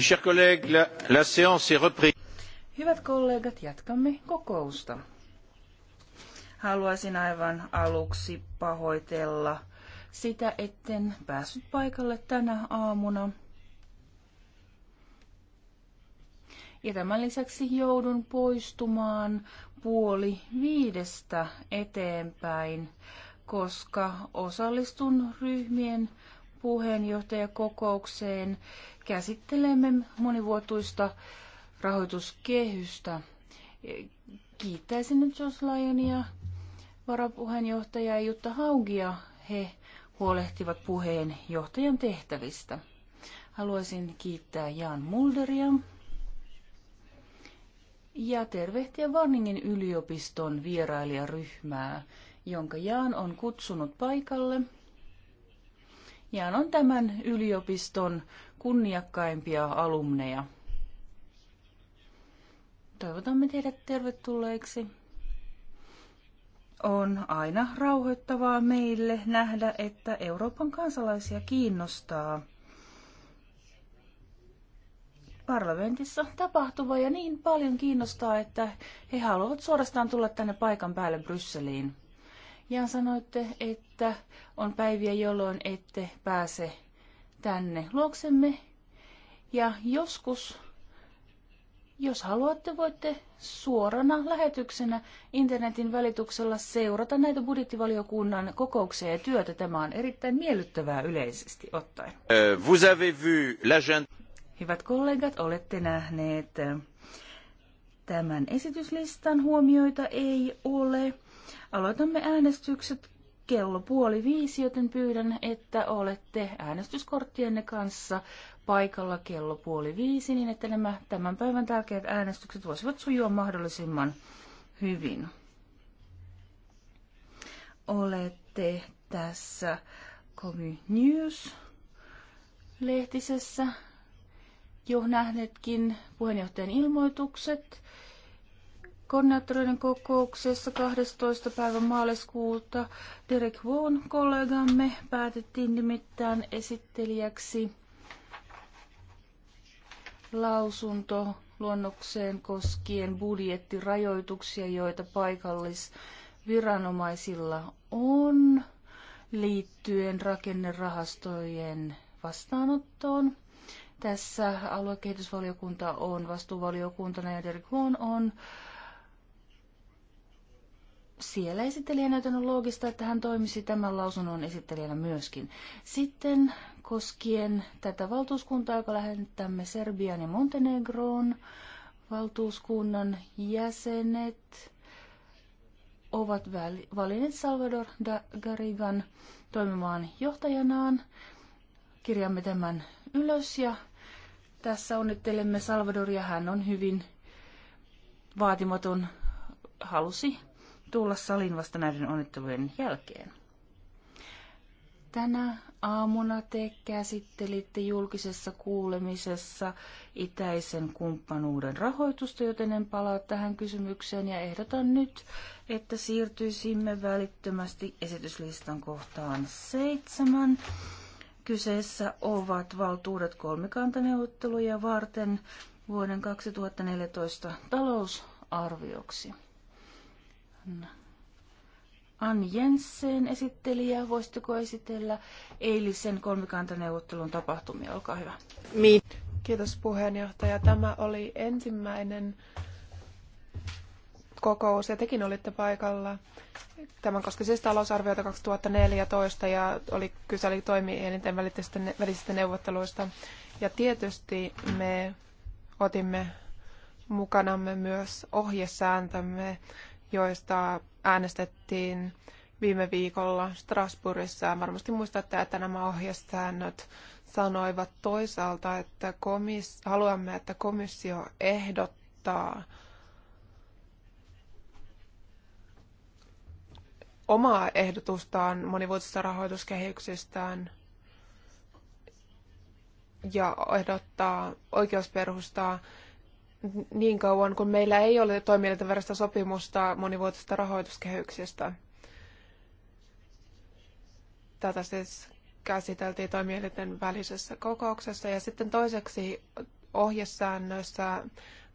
chers collègues, la, la séance est reprise. Hyvät kollegat, jatkamme kokousta. Haluaisin aivan aluksi pahoitella sitä, etten päässyt paikalle tänä aamuna. Ja tämän lisäksi joudun poistumaan puoli viidestä eteenpäin, koska osallistun ryhmien puheenjohtajakokoukseen käsittelemme monivuotuista rahoituskehystä. Kiittäisin nyt Jos Lionia, varapuheenjohtajaa Jutta Haugia. He huolehtivat puheenjohtajan tehtävistä. Haluaisin kiittää Jan Mulderia ja tervehtiä Varningin yliopiston vierailijaryhmää, jonka Jaan on kutsunut paikalle – hän on tämän yliopiston kunniakkaimpia alumneja. Toivotamme teidät tervetulleeksi. On aina rauhoittavaa meille nähdä, että Euroopan kansalaisia kiinnostaa parlamentissa tapahtuva ja niin paljon kiinnostaa, että he haluavat suorastaan tulla tänne paikan päälle Brysseliin. Ja sanoitte, että on päiviä, jolloin ette pääse tänne luoksemme. Ja joskus, jos haluatte, voitte suorana lähetyksenä internetin välityksellä seurata näitä budjettivaliokunnan kokouksia ja työtä. Tämä on erittäin miellyttävää yleisesti ottaen. Vous avez vu Hyvät kollegat, olette nähneet tämän esityslistan. Huomioita ei ole. Aloitamme äänestykset kello puoli viisi, joten pyydän, että olette äänestyskorttienne kanssa paikalla kello puoli viisi, niin että nämä tämän päivän tärkeät äänestykset voisivat sujua mahdollisimman hyvin. Olette tässä Comi News-lehtisessä jo nähneetkin puheenjohtajan ilmoitukset. Koordinaattoreiden kokouksessa 12. päivä maaliskuuta Derek Vaughan kollegamme päätettiin nimittäin esittelijäksi lausunto luonnokseen koskien budjettirajoituksia, joita paikallisviranomaisilla on liittyen rakennerahastojen vastaanottoon. Tässä aluekehitysvaliokunta on vastuuvaliokuntana ja Derek Huon on siellä esittelijä näytänyt on loogista, että hän toimisi tämän lausunnon esittelijänä myöskin. Sitten koskien tätä valtuuskuntaa, joka lähettämme Serbian ja Montenegroon, valtuuskunnan jäsenet ovat valinneet Salvador da Garigan toimimaan johtajanaan. Kirjaamme tämän ylös ja tässä onnittelemme Salvadoria. Hän on hyvin vaatimaton halusi tulla salin vasta näiden onnittelujen jälkeen. Tänä aamuna te käsittelitte julkisessa kuulemisessa itäisen kumppanuuden rahoitusta, joten en palaa tähän kysymykseen ja ehdotan nyt, että siirtyisimme välittömästi esityslistan kohtaan seitsemän. Kyseessä ovat valtuudet kolmikantaneuvotteluja varten vuoden 2014 talousarvioksi. Ann Jensen esittelijä. Voisitteko esitellä eilisen kolmikantaneuvottelun tapahtumia? Olkaa hyvä. Mi- Kiitos puheenjohtaja. Tämä oli ensimmäinen kokous ja tekin olitte paikalla. Tämän koski siis talousarviota 2014 ja oli, kyse oli toimielinten välisistä, välisistä neuvotteluista. Ja tietysti me otimme mukanamme myös ohjesääntömme, joista äänestettiin viime viikolla Strasbourgissa. Varmasti muistatte, että nämä ohjesäännöt sanoivat toisaalta, että komis- haluamme, että komissio ehdottaa omaa ehdotustaan monivuotisista rahoituskehyksistään ja ehdottaa oikeusperustaa niin kauan, kun meillä ei ole toimielintäverosta sopimusta monivuotisesta rahoituskehyksestä. Tätä siis käsiteltiin toimielinten välisessä kokouksessa. Ja sitten toiseksi ohjesäännössä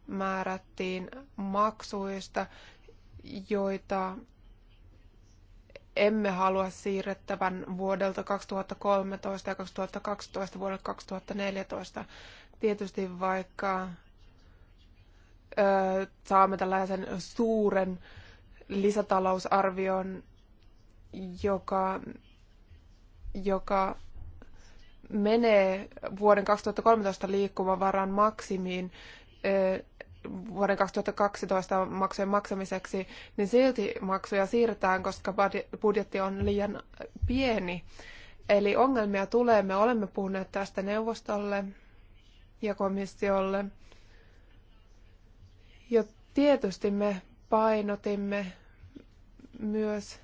määrättiin maksuista, joita emme halua siirrettävän vuodelta 2013 ja 2012 vuodelle 2014. Tietysti vaikka saamme tällaisen suuren lisätalousarvion, joka, joka menee vuoden 2013 liikkumavaran maksimiin vuoden 2012 maksujen maksamiseksi, niin silti maksuja siirretään, koska budjetti on liian pieni. Eli ongelmia tulee. Me olemme puhuneet tästä neuvostolle ja komissiolle. Ja tietysti me painotimme myös,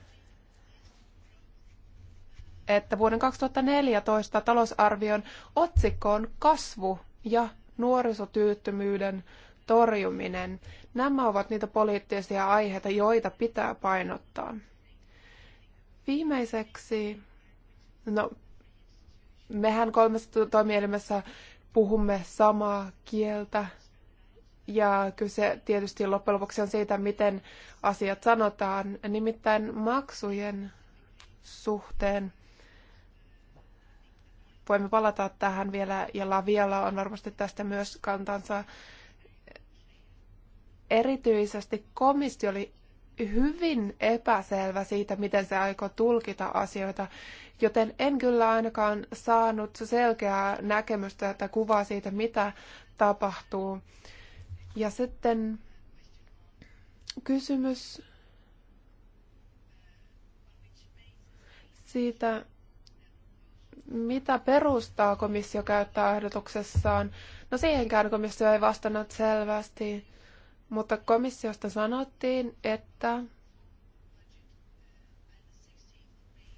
että vuoden 2014 talousarvion otsikko on kasvu ja nuorisotyyttömyyden torjuminen. Nämä ovat niitä poliittisia aiheita, joita pitää painottaa. Viimeiseksi, no mehän kolmessa toimielimessä puhumme samaa kieltä ja kyse tietysti loppujen lopuksi on siitä, miten asiat sanotaan, nimittäin maksujen suhteen. Voimme palata tähän vielä, ja Lavialla on varmasti tästä myös kantansa. Erityisesti komissio oli hyvin epäselvä siitä, miten se aikoo tulkita asioita, joten en kyllä ainakaan saanut selkeää näkemystä tai kuvaa siitä, mitä tapahtuu. Ja sitten kysymys siitä, mitä perustaa komissio käyttää ehdotuksessaan. No siihenkään komissio ei vastannut selvästi, mutta komissiosta sanottiin, että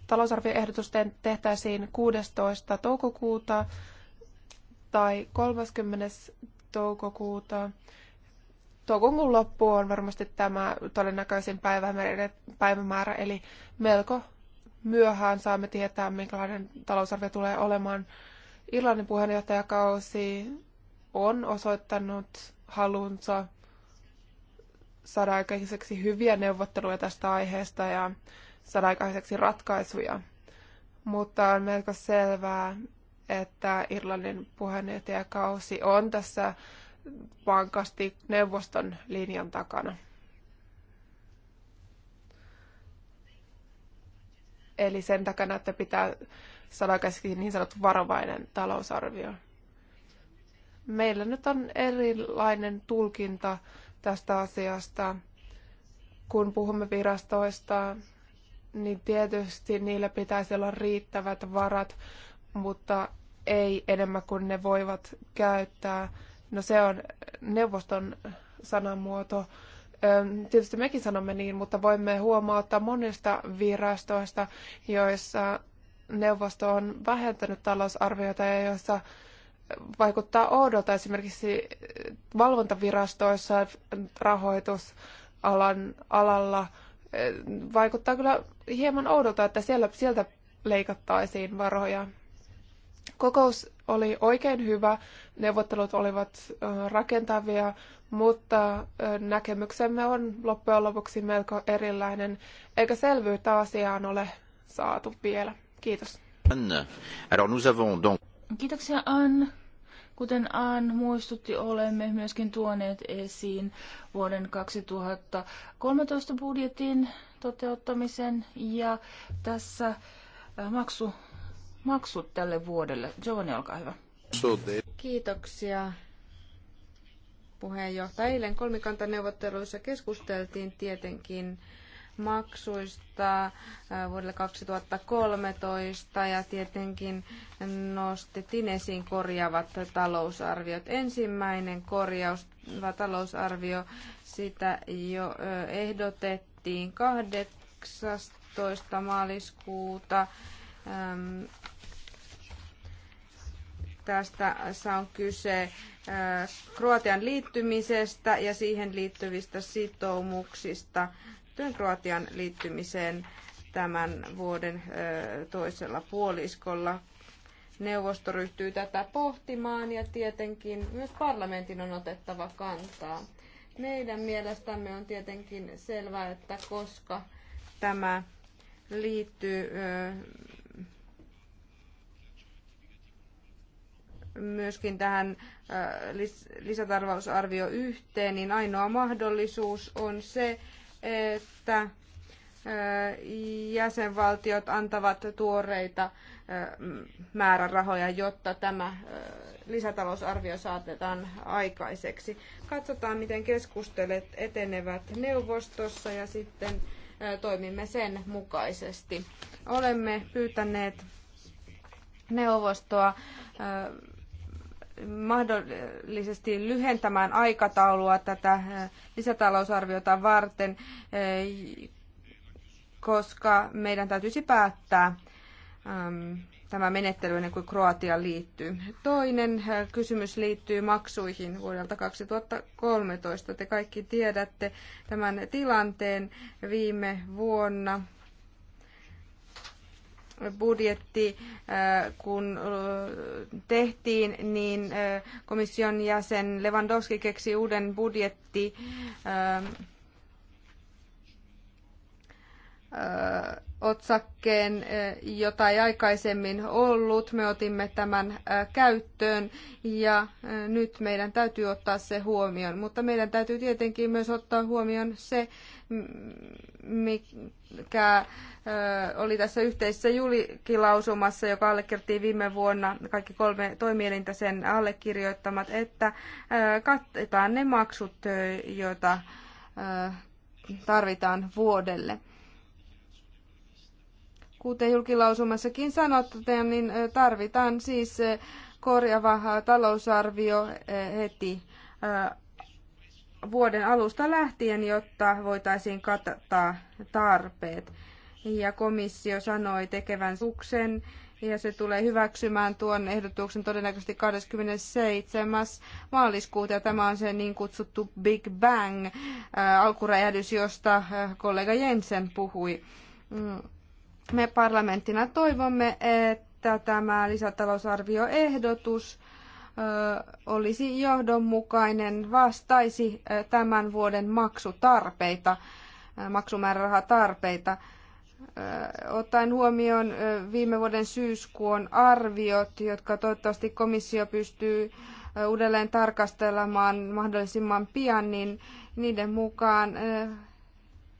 talousarvioehdotus tehtäisiin 16. toukokuuta tai 30. toukokuuta toukokuun loppu on varmasti tämä todennäköisin päivämäärä, eli melko myöhään saamme tietää, minkälainen talousarvio tulee olemaan. Irlannin puheenjohtajakausi on osoittanut halunsa saada aikaiseksi hyviä neuvotteluja tästä aiheesta ja saada aikaiseksi ratkaisuja. Mutta on melko selvää, että Irlannin puheenjohtajakausi on tässä vankasti neuvoston linjan takana. Eli sen takana, että pitää saada käsikin niin sanottu varovainen talousarvio. Meillä nyt on erilainen tulkinta tästä asiasta. Kun puhumme virastoista, niin tietysti niillä pitäisi olla riittävät varat, mutta ei enemmän kuin ne voivat käyttää No se on neuvoston sanamuoto. Tietysti mekin sanomme niin, mutta voimme huomauttaa monista virastoista, joissa neuvosto on vähentänyt talousarviota ja joissa vaikuttaa oudolta esimerkiksi valvontavirastoissa rahoitusalan alalla. Vaikuttaa kyllä hieman oudolta, että siellä, sieltä leikattaisiin varoja. Kokous oli oikein hyvä. Neuvottelut olivat rakentavia, mutta näkemyksemme on loppujen lopuksi melko erilainen, eikä selvyyttä asiaan ole saatu vielä. Kiitos. Anne. Alors nous avons donc... Kiitoksia Anne. Kuten Aan muistutti, olemme myöskin tuoneet esiin vuoden 2013 budjetin toteuttamisen ja tässä maksu maksut tälle vuodelle. Giovanni, olkaa hyvä. Kiitoksia puheenjohtaja. Eilen kolmikantaneuvotteluissa keskusteltiin tietenkin maksuista äh, vuodelle 2013 ja tietenkin nostettiin esiin korjaavat talousarviot. Ensimmäinen korjaus, talousarvio, sitä jo äh, ehdotettiin 18. maaliskuuta Tästä on kyse äh, Kroatian liittymisestä ja siihen liittyvistä sitoumuksista Kroatian liittymiseen tämän vuoden äh, toisella puoliskolla. Neuvosto ryhtyy tätä pohtimaan ja tietenkin myös parlamentin on otettava kantaa. Meidän mielestämme on tietenkin selvää, että koska tämä liittyy äh, myöskin tähän lisätarvausarvio yhteen, niin ainoa mahdollisuus on se, että jäsenvaltiot antavat tuoreita määrärahoja, jotta tämä lisätalousarvio saatetaan aikaiseksi. Katsotaan, miten keskustelet etenevät neuvostossa ja sitten toimimme sen mukaisesti. Olemme pyytäneet neuvostoa mahdollisesti lyhentämään aikataulua tätä eh, lisätalousarviota varten, eh, koska meidän täytyisi päättää ehm, tämä menettely ennen kuin Kroatia liittyy. Toinen eh, kysymys liittyy maksuihin vuodelta 2013. Te kaikki tiedätte tämän tilanteen viime vuonna budjetti, äh, kun äh, tehtiin, niin äh, komission jäsen Lewandowski keksi uuden budjetti otsakkeen, jota ei aikaisemmin ollut. Me otimme tämän käyttöön ja nyt meidän täytyy ottaa se huomioon. Mutta meidän täytyy tietenkin myös ottaa huomioon se, mikä oli tässä yhteisessä julkilausumassa, joka allekirjoitettiin viime vuonna, kaikki kolme toimielintä sen allekirjoittamat, että katsotaan ne maksut, joita tarvitaan vuodelle. Kuten julkilausumassakin sanottiin, niin tarvitaan siis korjava talousarvio heti vuoden alusta lähtien, jotta voitaisiin kattaa tarpeet. Ja komissio sanoi tekevän suksen ja se tulee hyväksymään tuon ehdotuksen todennäköisesti 27. maaliskuuta. Ja tämä on se niin kutsuttu Big Bang, alkuräjähdys, josta kollega Jensen puhui. Mm. Me parlamenttina toivomme, että tämä lisätalousarvioehdotus olisi johdonmukainen, vastaisi tämän vuoden maksutarpeita, maksumäärärahatarpeita. Ottaen huomioon viime vuoden syyskuun arviot, jotka toivottavasti komissio pystyy uudelleen tarkastelemaan mahdollisimman pian, niin niiden mukaan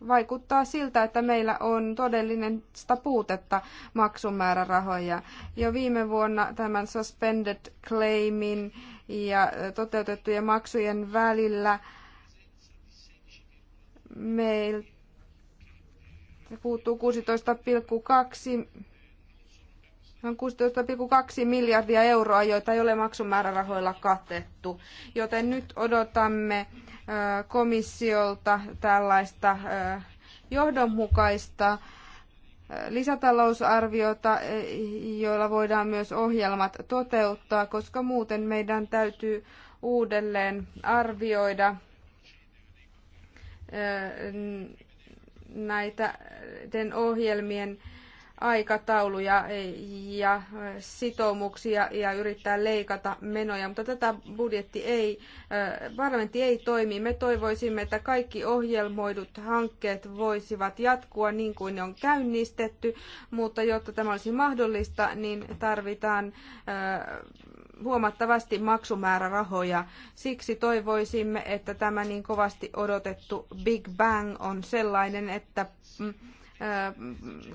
vaikuttaa siltä, että meillä on todellinen puutetta maksumäärärahoja. Jo viime vuonna tämän suspended claimin ja toteutettujen maksujen välillä meillä puuttuu 16,2 on 16,2 miljardia euroa, joita ei ole maksumäärärahoilla katettu. Joten nyt odotamme komissiolta tällaista johdonmukaista lisätalousarviota, e, joilla voidaan myös ohjelmat toteuttaa, koska muuten meidän täytyy uudelleen arvioida näiden ohjelmien aikatauluja ja sitoumuksia ja yrittää leikata menoja, mutta tätä budjetti ei, parlamentti ei toimi. Me toivoisimme, että kaikki ohjelmoidut hankkeet voisivat jatkua niin kuin ne on käynnistetty, mutta jotta tämä olisi mahdollista, niin tarvitaan huomattavasti maksumäärärahoja. Siksi toivoisimme, että tämä niin kovasti odotettu Big Bang on sellainen, että mm,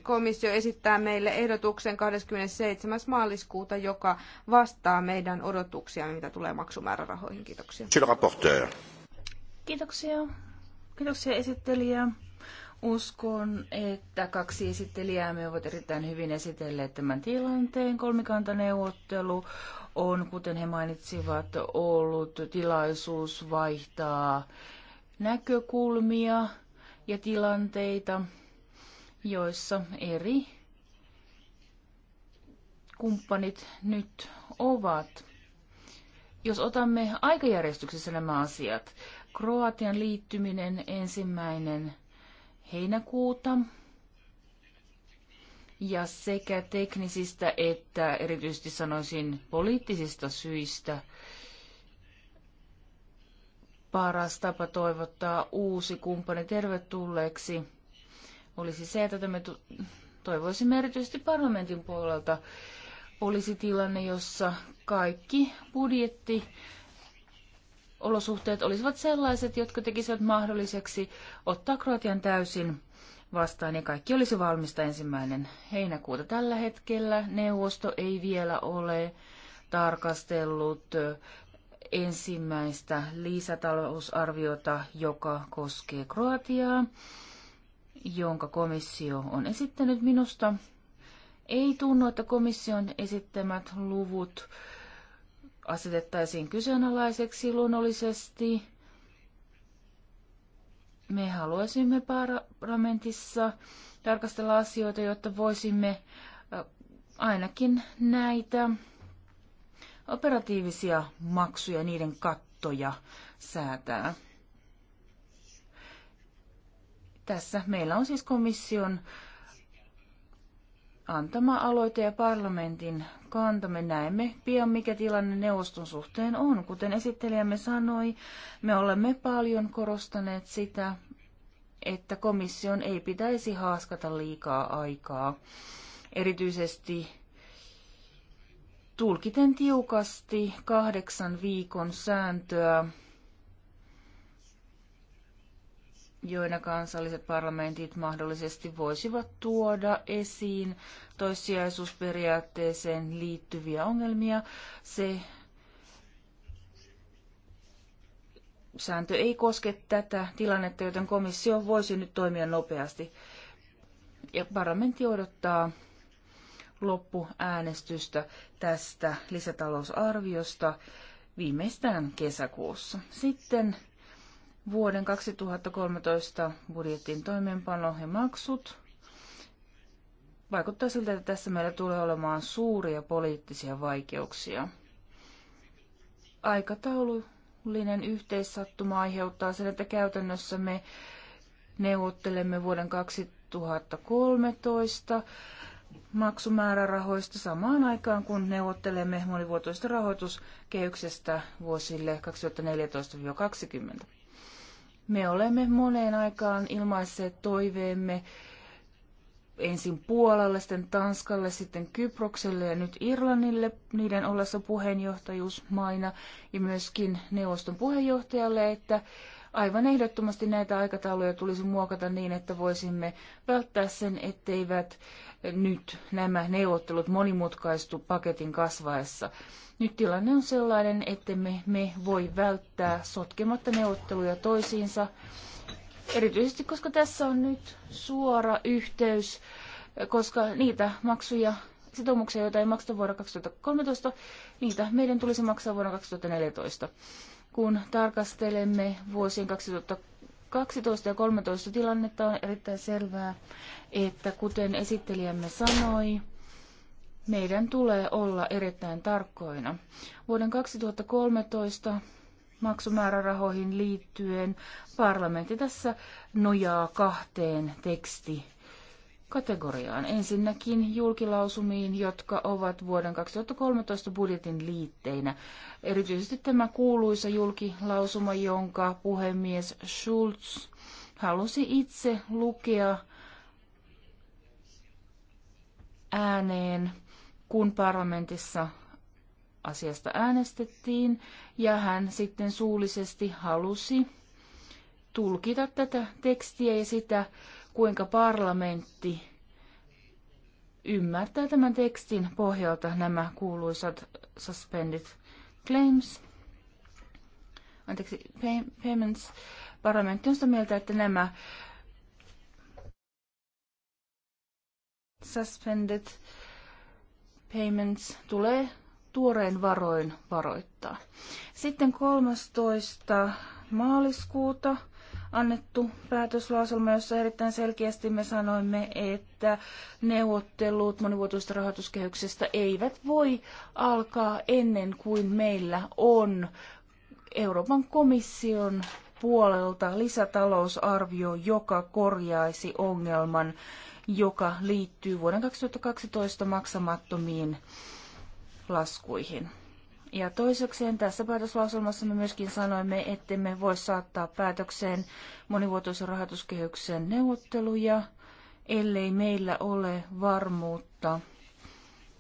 komissio esittää meille ehdotuksen 27. maaliskuuta, joka vastaa meidän odotuksia, mitä tulee maksumäärärahoihin. Kiitoksia. Kiitoksia. Kiitoksia esittelijä. Uskon, että kaksi esittelijää me ovat erittäin hyvin esitelleet tämän tilanteen. Kolmikantaneuvottelu on, kuten he mainitsivat, ollut tilaisuus vaihtaa näkökulmia ja tilanteita joissa eri kumppanit nyt ovat. Jos otamme aikajärjestyksessä nämä asiat, Kroatian liittyminen ensimmäinen heinäkuuta ja sekä teknisistä että erityisesti sanoisin poliittisista syistä paras tapa toivottaa uusi kumppani tervetulleeksi – olisi se, että me toivoisimme erityisesti parlamentin puolelta olisi tilanne, jossa kaikki budjetti olosuhteet olisivat sellaiset, jotka tekisivät mahdolliseksi ottaa Kroatian täysin vastaan ja kaikki olisi valmista ensimmäinen heinäkuuta. Tällä hetkellä neuvosto ei vielä ole tarkastellut ensimmäistä lisätalousarviota, joka koskee Kroatiaa jonka komissio on esittänyt minusta, ei tunnu, että komission esittämät luvut asetettaisiin kyseenalaiseksi luonnollisesti. Me haluaisimme parlamentissa tarkastella asioita, jotta voisimme ainakin näitä operatiivisia maksuja, niiden kattoja säätää. Tässä meillä on siis komission antama aloite ja parlamentin kanta. Me näemme pian, mikä tilanne neuvoston suhteen on. Kuten esittelijämme sanoi, me olemme paljon korostaneet sitä, että komission ei pitäisi haaskata liikaa aikaa. Erityisesti tulkiten tiukasti kahdeksan viikon sääntöä joina kansalliset parlamentit mahdollisesti voisivat tuoda esiin toissijaisuusperiaatteeseen liittyviä ongelmia. Se sääntö ei koske tätä tilannetta, joten komissio voisi nyt toimia nopeasti. Ja parlamentti odottaa loppuäänestystä tästä lisätalousarviosta viimeistään kesäkuussa. Sitten vuoden 2013 budjetin toimeenpano ja maksut. Vaikuttaa siltä, että tässä meillä tulee olemaan suuria poliittisia vaikeuksia. Aikataulullinen yhteissattuma aiheuttaa sen, että käytännössä me neuvottelemme vuoden 2013 maksumäärärahoista samaan aikaan, kun neuvottelemme monivuotoista rahoituskehyksestä vuosille 2014-2020. Me olemme moneen aikaan ilmaisseet toiveemme ensin Puolalle, sitten Tanskalle, sitten Kyprokselle ja nyt Irlannille niiden ollessa puheenjohtajuusmaina ja myöskin neuvoston puheenjohtajalle, että aivan ehdottomasti näitä aikatauluja tulisi muokata niin, että voisimme välttää sen, etteivät nyt nämä neuvottelut monimutkaistu paketin kasvaessa. Nyt tilanne on sellainen, että me, me voi välttää sotkematta neuvotteluja toisiinsa, erityisesti koska tässä on nyt suora yhteys, koska niitä maksuja sitoumuksia, joita ei makseta vuonna 2013, niitä meidän tulisi maksaa vuonna 2014. Kun tarkastelemme vuosien 2013 12 ja 13 tilannetta on erittäin selvää, että kuten esittelijämme sanoi, meidän tulee olla erittäin tarkkoina. Vuoden 2013 maksumäärärahoihin liittyen parlamentti tässä nojaa kahteen teksti kategoriaan. Ensinnäkin julkilausumiin, jotka ovat vuoden 2013 budjetin liitteinä. Erityisesti tämä kuuluisa julkilausuma, jonka puhemies Schulz halusi itse lukea ääneen, kun parlamentissa asiasta äänestettiin, ja hän sitten suullisesti halusi tulkita tätä tekstiä ja sitä kuinka parlamentti ymmärtää tämän tekstin pohjalta nämä kuuluisat suspended claims, anteeksi, pay, payments. Parlamentti on sitä mieltä, että nämä suspended payments tulee tuoreen varoin varoittaa. Sitten 13. maaliskuuta annettu päätöslauselma, jossa erittäin selkeästi me sanoimme, että neuvottelut monivuotoisesta rahoituskehyksestä eivät voi alkaa ennen kuin meillä on Euroopan komission puolelta lisätalousarvio, joka korjaisi ongelman, joka liittyy vuoden 2012 maksamattomiin laskuihin. Ja toisekseen tässä päätöslauselmassa me myöskin sanoimme, että me voi saattaa päätökseen monivuotoisen rahoituskehyksen neuvotteluja, ellei meillä ole varmuutta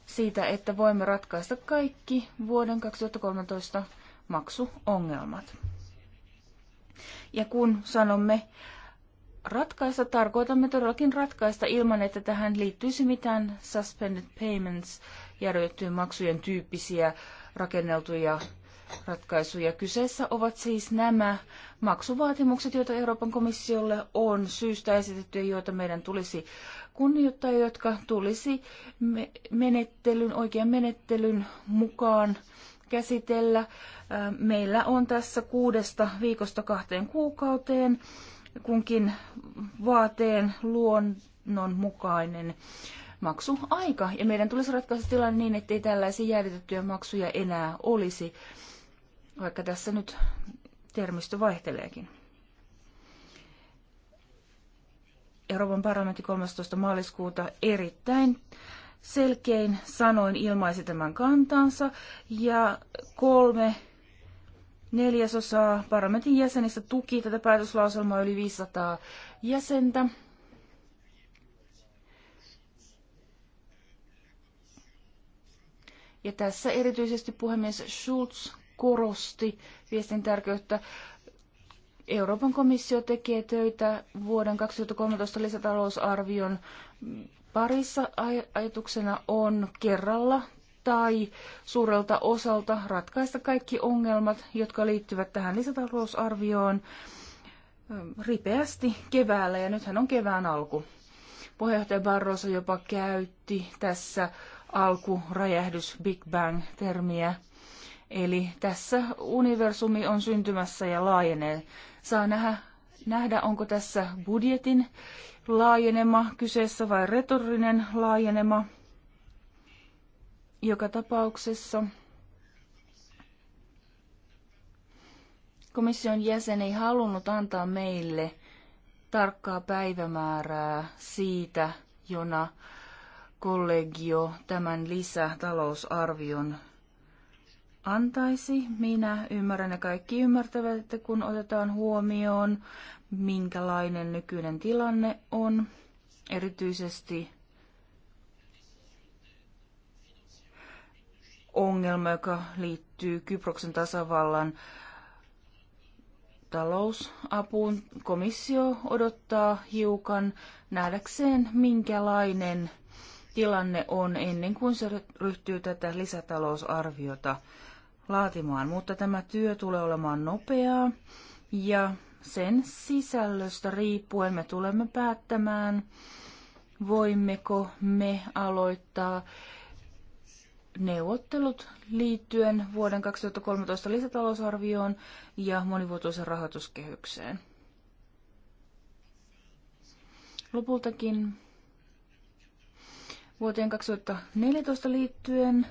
siitä, että voimme ratkaista kaikki vuoden 2013 maksuongelmat. Ja kun sanomme ratkaista, tarkoitamme todellakin ratkaista ilman, että tähän liittyisi mitään suspended payments – järjettyjen maksujen tyyppisiä rakenneltuja ratkaisuja. Kyseessä ovat siis nämä maksuvaatimukset, joita Euroopan komissiolle on syystä esitetty ja joita meidän tulisi kunnioittaa, jotka tulisi menettelyn, oikean menettelyn mukaan käsitellä. Äh, meillä on tässä kuudesta viikosta kahteen kuukauteen kunkin vaateen luonnon mukainen maksuaika. Ja meidän tulisi ratkaista tilanne niin, ettei tällaisia jäädytettyjä maksuja enää olisi, vaikka tässä nyt termistö vaihteleekin. Euroopan parlamentti 13. maaliskuuta erittäin selkein sanoin ilmaisi tämän kantansa ja kolme neljäsosaa parlamentin jäsenistä tuki tätä päätöslauselmaa yli 500 jäsentä. Ja tässä erityisesti puhemies Schulz korosti viestin tärkeyttä. Euroopan komissio tekee töitä vuoden 2013 lisätalousarvion parissa. Ajatuksena on kerralla tai suurelta osalta ratkaista kaikki ongelmat, jotka liittyvät tähän lisätalousarvioon ähm, ripeästi keväällä, ja nythän on kevään alku. Puheenjohtaja Barroso jopa käytti tässä Alku, räjähdys, Big Bang-termiä. Eli tässä universumi on syntymässä ja laajenee. Saa nähdä, nähdä, onko tässä budjetin laajenema kyseessä vai retorinen laajenema. Joka tapauksessa komission jäsen ei halunnut antaa meille tarkkaa päivämäärää siitä, jona kollegio tämän lisätalousarvion antaisi. Minä ymmärrän ja kaikki ymmärtävät, että kun otetaan huomioon, minkälainen nykyinen tilanne on, erityisesti ongelma, joka liittyy Kyproksen tasavallan talousapuun. Komissio odottaa hiukan nähdäkseen, minkälainen – tilanne on ennen kuin se ryhtyy tätä lisätalousarviota laatimaan. Mutta tämä työ tulee olemaan nopeaa ja sen sisällöstä riippuen me tulemme päättämään, voimmeko me aloittaa neuvottelut liittyen vuoden 2013 lisätalousarvioon ja monivuotoisen rahoituskehykseen. Lopultakin vuoteen 2014 liittyen.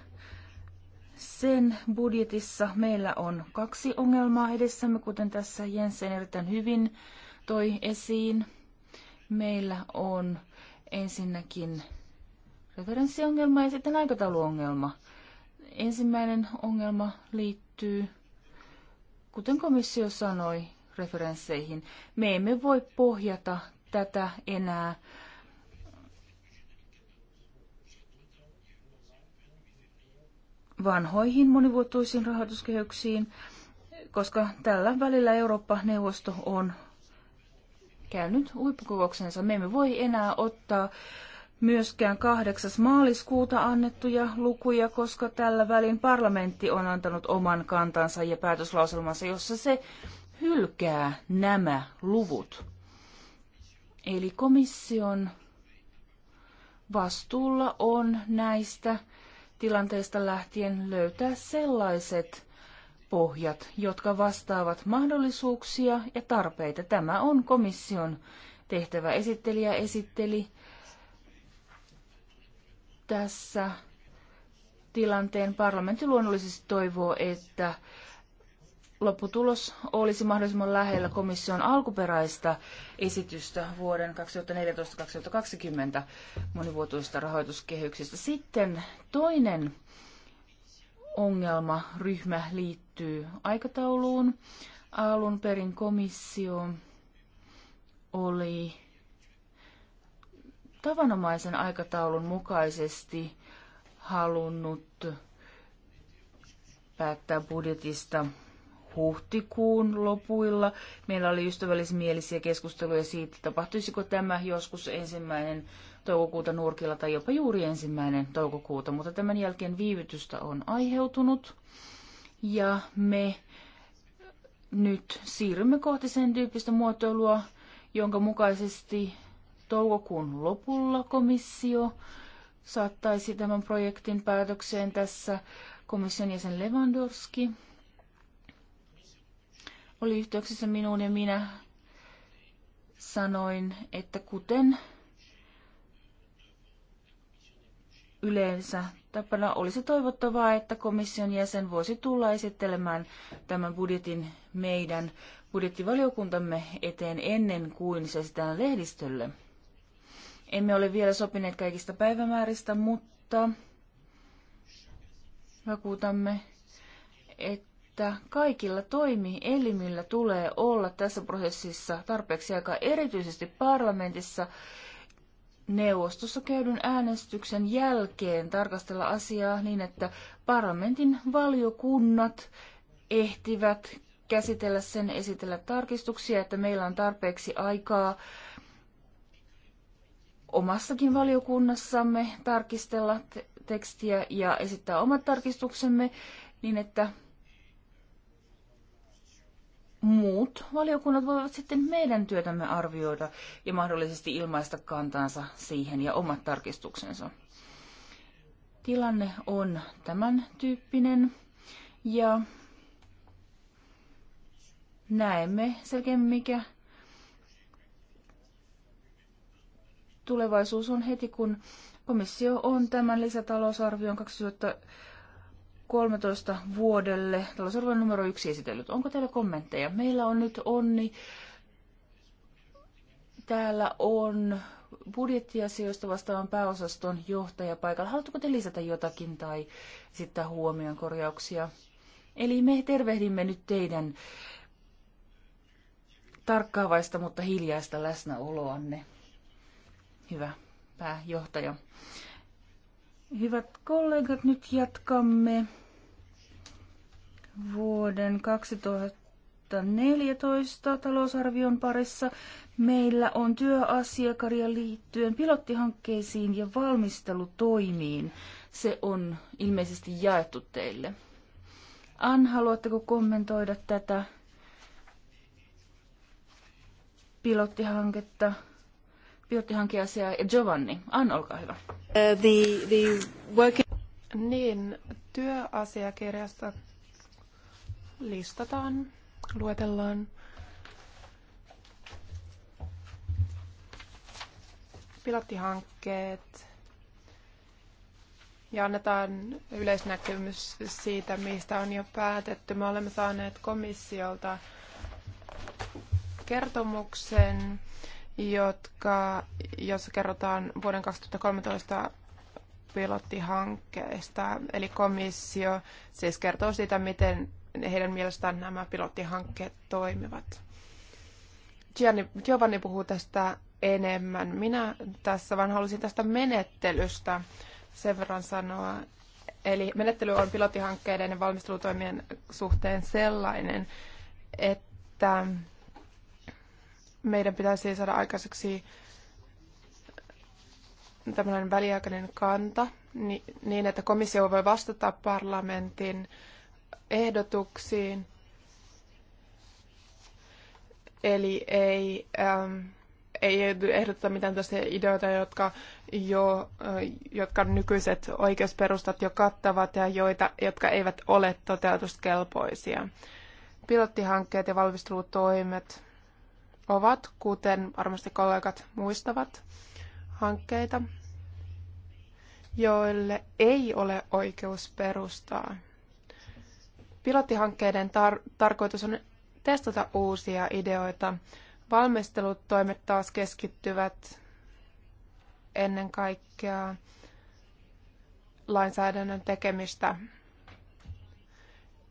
Sen budjetissa meillä on kaksi ongelmaa edessämme, kuten tässä Jensen erittäin hyvin toi esiin. Meillä on ensinnäkin referenssiongelma ja sitten aikatauluongelma. Ensimmäinen ongelma liittyy, kuten komissio sanoi, referensseihin. Me emme voi pohjata tätä enää vanhoihin monivuotuisiin rahoituskehyksiin, koska tällä välillä Eurooppa-neuvosto on käynyt huippukokouksensa. Me emme voi enää ottaa myöskään 8. maaliskuuta annettuja lukuja, koska tällä välin parlamentti on antanut oman kantansa ja päätöslauselmansa, jossa se hylkää nämä luvut. Eli komission vastuulla on näistä tilanteesta lähtien löytää sellaiset pohjat, jotka vastaavat mahdollisuuksia ja tarpeita. Tämä on komission tehtävä. Esittelijä esitteli tässä tilanteen. Parlamentti luonnollisesti toivoo, että lopputulos olisi mahdollisimman lähellä komission alkuperäistä esitystä vuoden 2014-2020 monivuotoisista rahoituskehyksistä. Sitten toinen ongelmaryhmä liittyy aikatauluun. Alun perin komissio oli tavanomaisen aikataulun mukaisesti halunnut päättää budjetista huhtikuun lopuilla. Meillä oli ystävällismielisiä keskusteluja siitä, tapahtuisiko tämä joskus ensimmäinen toukokuuta nurkilla tai jopa juuri ensimmäinen toukokuuta, mutta tämän jälkeen viivytystä on aiheutunut ja me nyt siirrymme kohti sen tyyppistä muotoilua, jonka mukaisesti toukokuun lopulla komissio saattaisi tämän projektin päätökseen tässä komission jäsen Lewandowski oli yhteyksissä minuun ja minä sanoin, että kuten yleensä tapana olisi toivottavaa, että komission jäsen voisi tulla esittelemään tämän budjetin meidän budjettivaliokuntamme eteen ennen kuin se sitä lehdistölle. Emme ole vielä sopineet kaikista päivämääristä, mutta vakuutamme, että että kaikilla toimielimillä tulee olla tässä prosessissa tarpeeksi aikaa, erityisesti parlamentissa neuvostossa käydyn äänestyksen jälkeen tarkastella asiaa niin, että parlamentin valiokunnat ehtivät käsitellä sen, esitellä tarkistuksia, että meillä on tarpeeksi aikaa omassakin valiokunnassamme tarkistella tekstiä ja esittää omat tarkistuksemme niin, että muut valiokunnat voivat sitten meidän työtämme arvioida ja mahdollisesti ilmaista kantansa siihen ja omat tarkistuksensa. Tilanne on tämän tyyppinen ja näemme selkeämmin, mikä tulevaisuus on heti, kun komissio on tämän lisätalousarvion 2000 13 vuodelle talousarvion numero yksi esitellyt. Onko teillä kommentteja? Meillä on nyt onni. Täällä on budjettiasioista vastaavan pääosaston johtaja paikalla. Haluatteko te lisätä jotakin tai sitten huomioon korjauksia? Eli me tervehdimme nyt teidän tarkkaavaista, mutta hiljaista läsnäoloanne. Hyvä pääjohtaja. Hyvät kollegat, nyt jatkamme vuoden 2014 talousarvion parissa. Meillä on työasiakarja liittyen pilottihankkeisiin ja valmistelutoimiin. Se on ilmeisesti jaettu teille. Ann, haluatteko kommentoida tätä pilottihanketta? pilottihankeasiaa. Ja Giovanni, Ann, olkaa hyvä. Uh, the, the working... Niin, työasiakirjasta listataan, luetellaan pilottihankkeet ja annetaan yleisnäkemys siitä, mistä on jo päätetty. Me olemme saaneet komissiolta kertomuksen jotka, jossa kerrotaan vuoden 2013 pilottihankkeista. Eli komissio siis kertoo siitä, miten heidän mielestään nämä pilottihankkeet toimivat. Giovanni puhuu tästä enemmän. Minä tässä vaan halusin tästä menettelystä sen verran sanoa. Eli menettely on pilottihankkeiden ja valmistelutoimien suhteen sellainen, että meidän pitäisi saada aikaiseksi tämmöinen väliaikainen kanta niin, että komissio voi vastata parlamentin ehdotuksiin. Eli ei, ähm, ei ehdoteta mitään tästä ideoita, jotka, jo, äh, jotka nykyiset oikeusperustat jo kattavat ja joita, jotka eivät ole toteutuskelpoisia. Pilottihankkeet ja valmistelutoimet ovat, kuten varmasti kollegat muistavat, hankkeita, joille ei ole oikeus perustaa. Pilottihankkeiden tar- tarkoitus on testata uusia ideoita. Valmistelutoimet taas keskittyvät ennen kaikkea lainsäädännön tekemistä.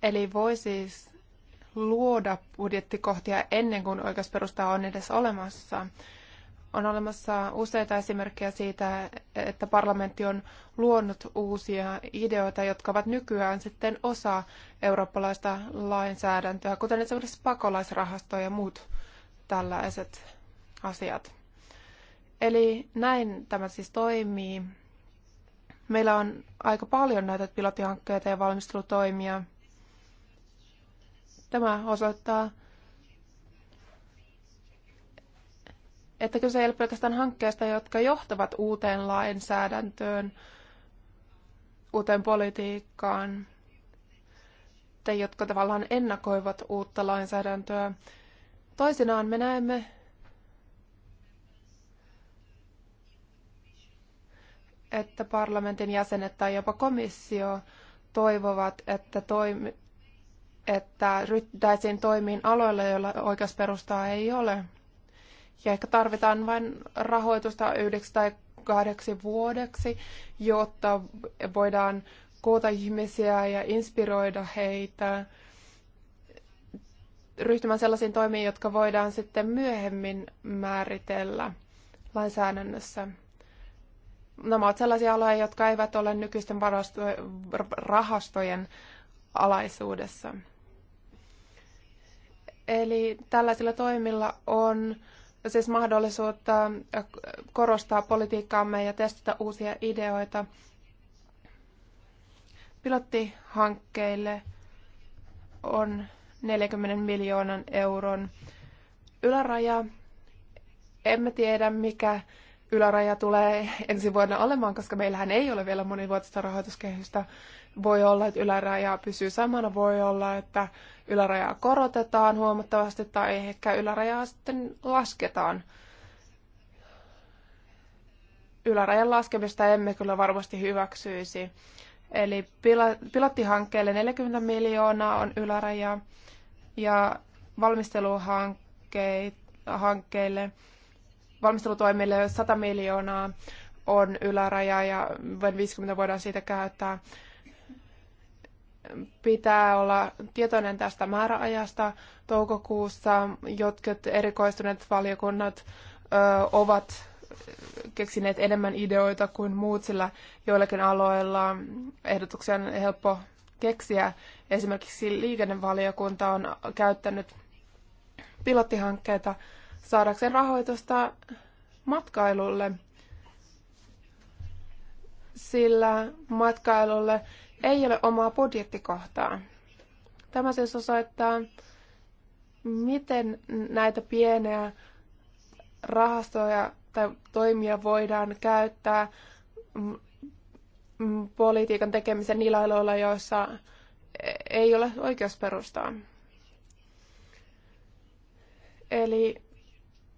Eli voi siis luoda budjettikohtia ennen kuin oikeusperusta on edes olemassa. On olemassa useita esimerkkejä siitä, että parlamentti on luonut uusia ideoita, jotka ovat nykyään sitten osa eurooppalaista lainsäädäntöä, kuten esimerkiksi pakolaisrahasto ja muut tällaiset asiat. Eli näin tämä siis toimii. Meillä on aika paljon näitä pilottihankkeita ja valmistelutoimia Tämä osoittaa, että kyse ei ole pelkästään hankkeista, jotka johtavat uuteen lainsäädäntöön, uuteen politiikkaan, tai jotka tavallaan ennakoivat uutta lainsäädäntöä. Toisinaan me näemme että parlamentin jäsenet tai jopa komissio toivovat, että toimi, että ryhdyttäisiin toimiin aloilla, joilla oikeusperustaa ei ole. Ja ehkä tarvitaan vain rahoitusta yhdeksi tai kahdeksi vuodeksi, jotta voidaan koota ihmisiä ja inspiroida heitä ryhtymään sellaisiin toimiin, jotka voidaan sitten myöhemmin määritellä lainsäädännössä. Nämä ovat sellaisia aloja, jotka eivät ole nykyisten rahastojen alaisuudessa. Eli tällaisilla toimilla on siis mahdollisuutta korostaa politiikkaamme ja testata uusia ideoita pilottihankkeille on 40 miljoonan euron yläraja. Emme tiedä, mikä yläraja tulee ensi vuonna olemaan, koska meillähän ei ole vielä monivuotista rahoituskehystä. Voi olla, että yläraja pysyy samana, voi olla, että ylärajaa korotetaan huomattavasti tai ehkä ylärajaa sitten lasketaan. Ylärajan laskemista emme kyllä varmasti hyväksyisi. Eli pilottihankkeelle 40 miljoonaa on yläraja ja valmisteluhankkeille, valmistelutoimille 100 miljoonaa on yläraja ja vain 50 voidaan siitä käyttää pitää olla tietoinen tästä määräajasta toukokuussa. Jotkut erikoistuneet valiokunnat ö, ovat keksineet enemmän ideoita kuin muut, sillä joillakin aloilla ehdotuksia on helppo keksiä. Esimerkiksi liikennevaliokunta on käyttänyt pilottihankkeita saadakseen rahoitusta matkailulle, sillä matkailulle ei ole omaa budjettikohtaa. Tämä siis osoittaa, miten näitä pieniä rahastoja tai toimia voidaan käyttää politiikan tekemisen niillä aloilla, joissa ei ole oikeusperustaa. Eli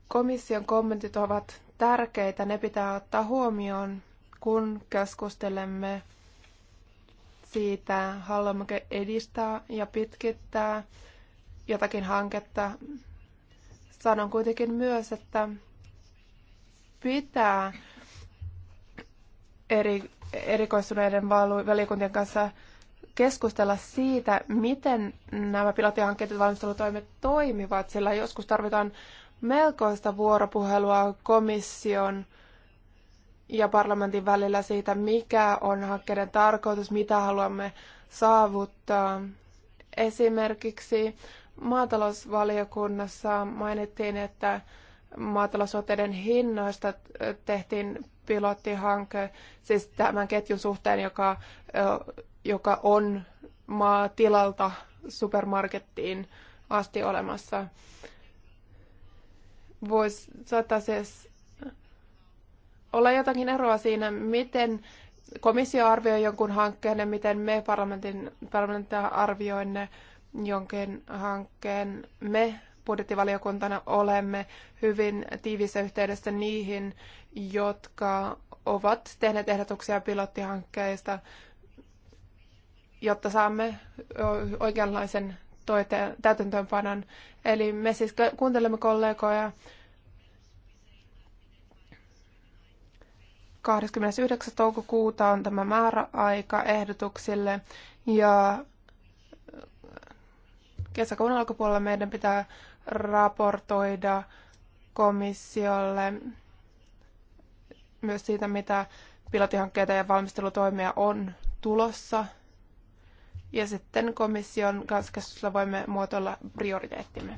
komission kommentit ovat tärkeitä, ne pitää ottaa huomioon, kun keskustelemme siitä, haluammeko edistää ja pitkittää jotakin hanketta. Sanon kuitenkin myös, että pitää eri, erikoistuneiden välikuntien kanssa keskustella siitä, miten nämä pilottihankkeet ja valmistelutoimet toimivat, sillä joskus tarvitaan melkoista vuoropuhelua komission ja parlamentin välillä siitä, mikä on hankkeiden tarkoitus, mitä haluamme saavuttaa. Esimerkiksi maatalousvaliokunnassa mainittiin, että maataloustuotteiden hinnoista tehtiin pilottihanke, siis tämän ketjun suhteen, joka, joka on maatilalta supermarkettiin asti olemassa. Voisi saattaa siis olla jotakin eroa siinä, miten komissio arvioi jonkun hankkeen ja miten me parlamentin, parlamenttia arvioinne jonkin hankkeen. Me budjettivaliokuntana olemme hyvin tiivissä yhteydessä niihin, jotka ovat tehneet ehdotuksia pilottihankkeista, jotta saamme oikeanlaisen täytäntöönpanon. Eli me siis kuuntelemme kollegoja 29. toukokuuta on tämä määräaika ehdotuksille ja kesäkuun alkupuolella meidän pitää raportoida komissiolle myös siitä, mitä pilottihankkeita ja valmistelutoimia on tulossa. Ja sitten komission kanssa keskustella voimme muotoilla prioriteettimme.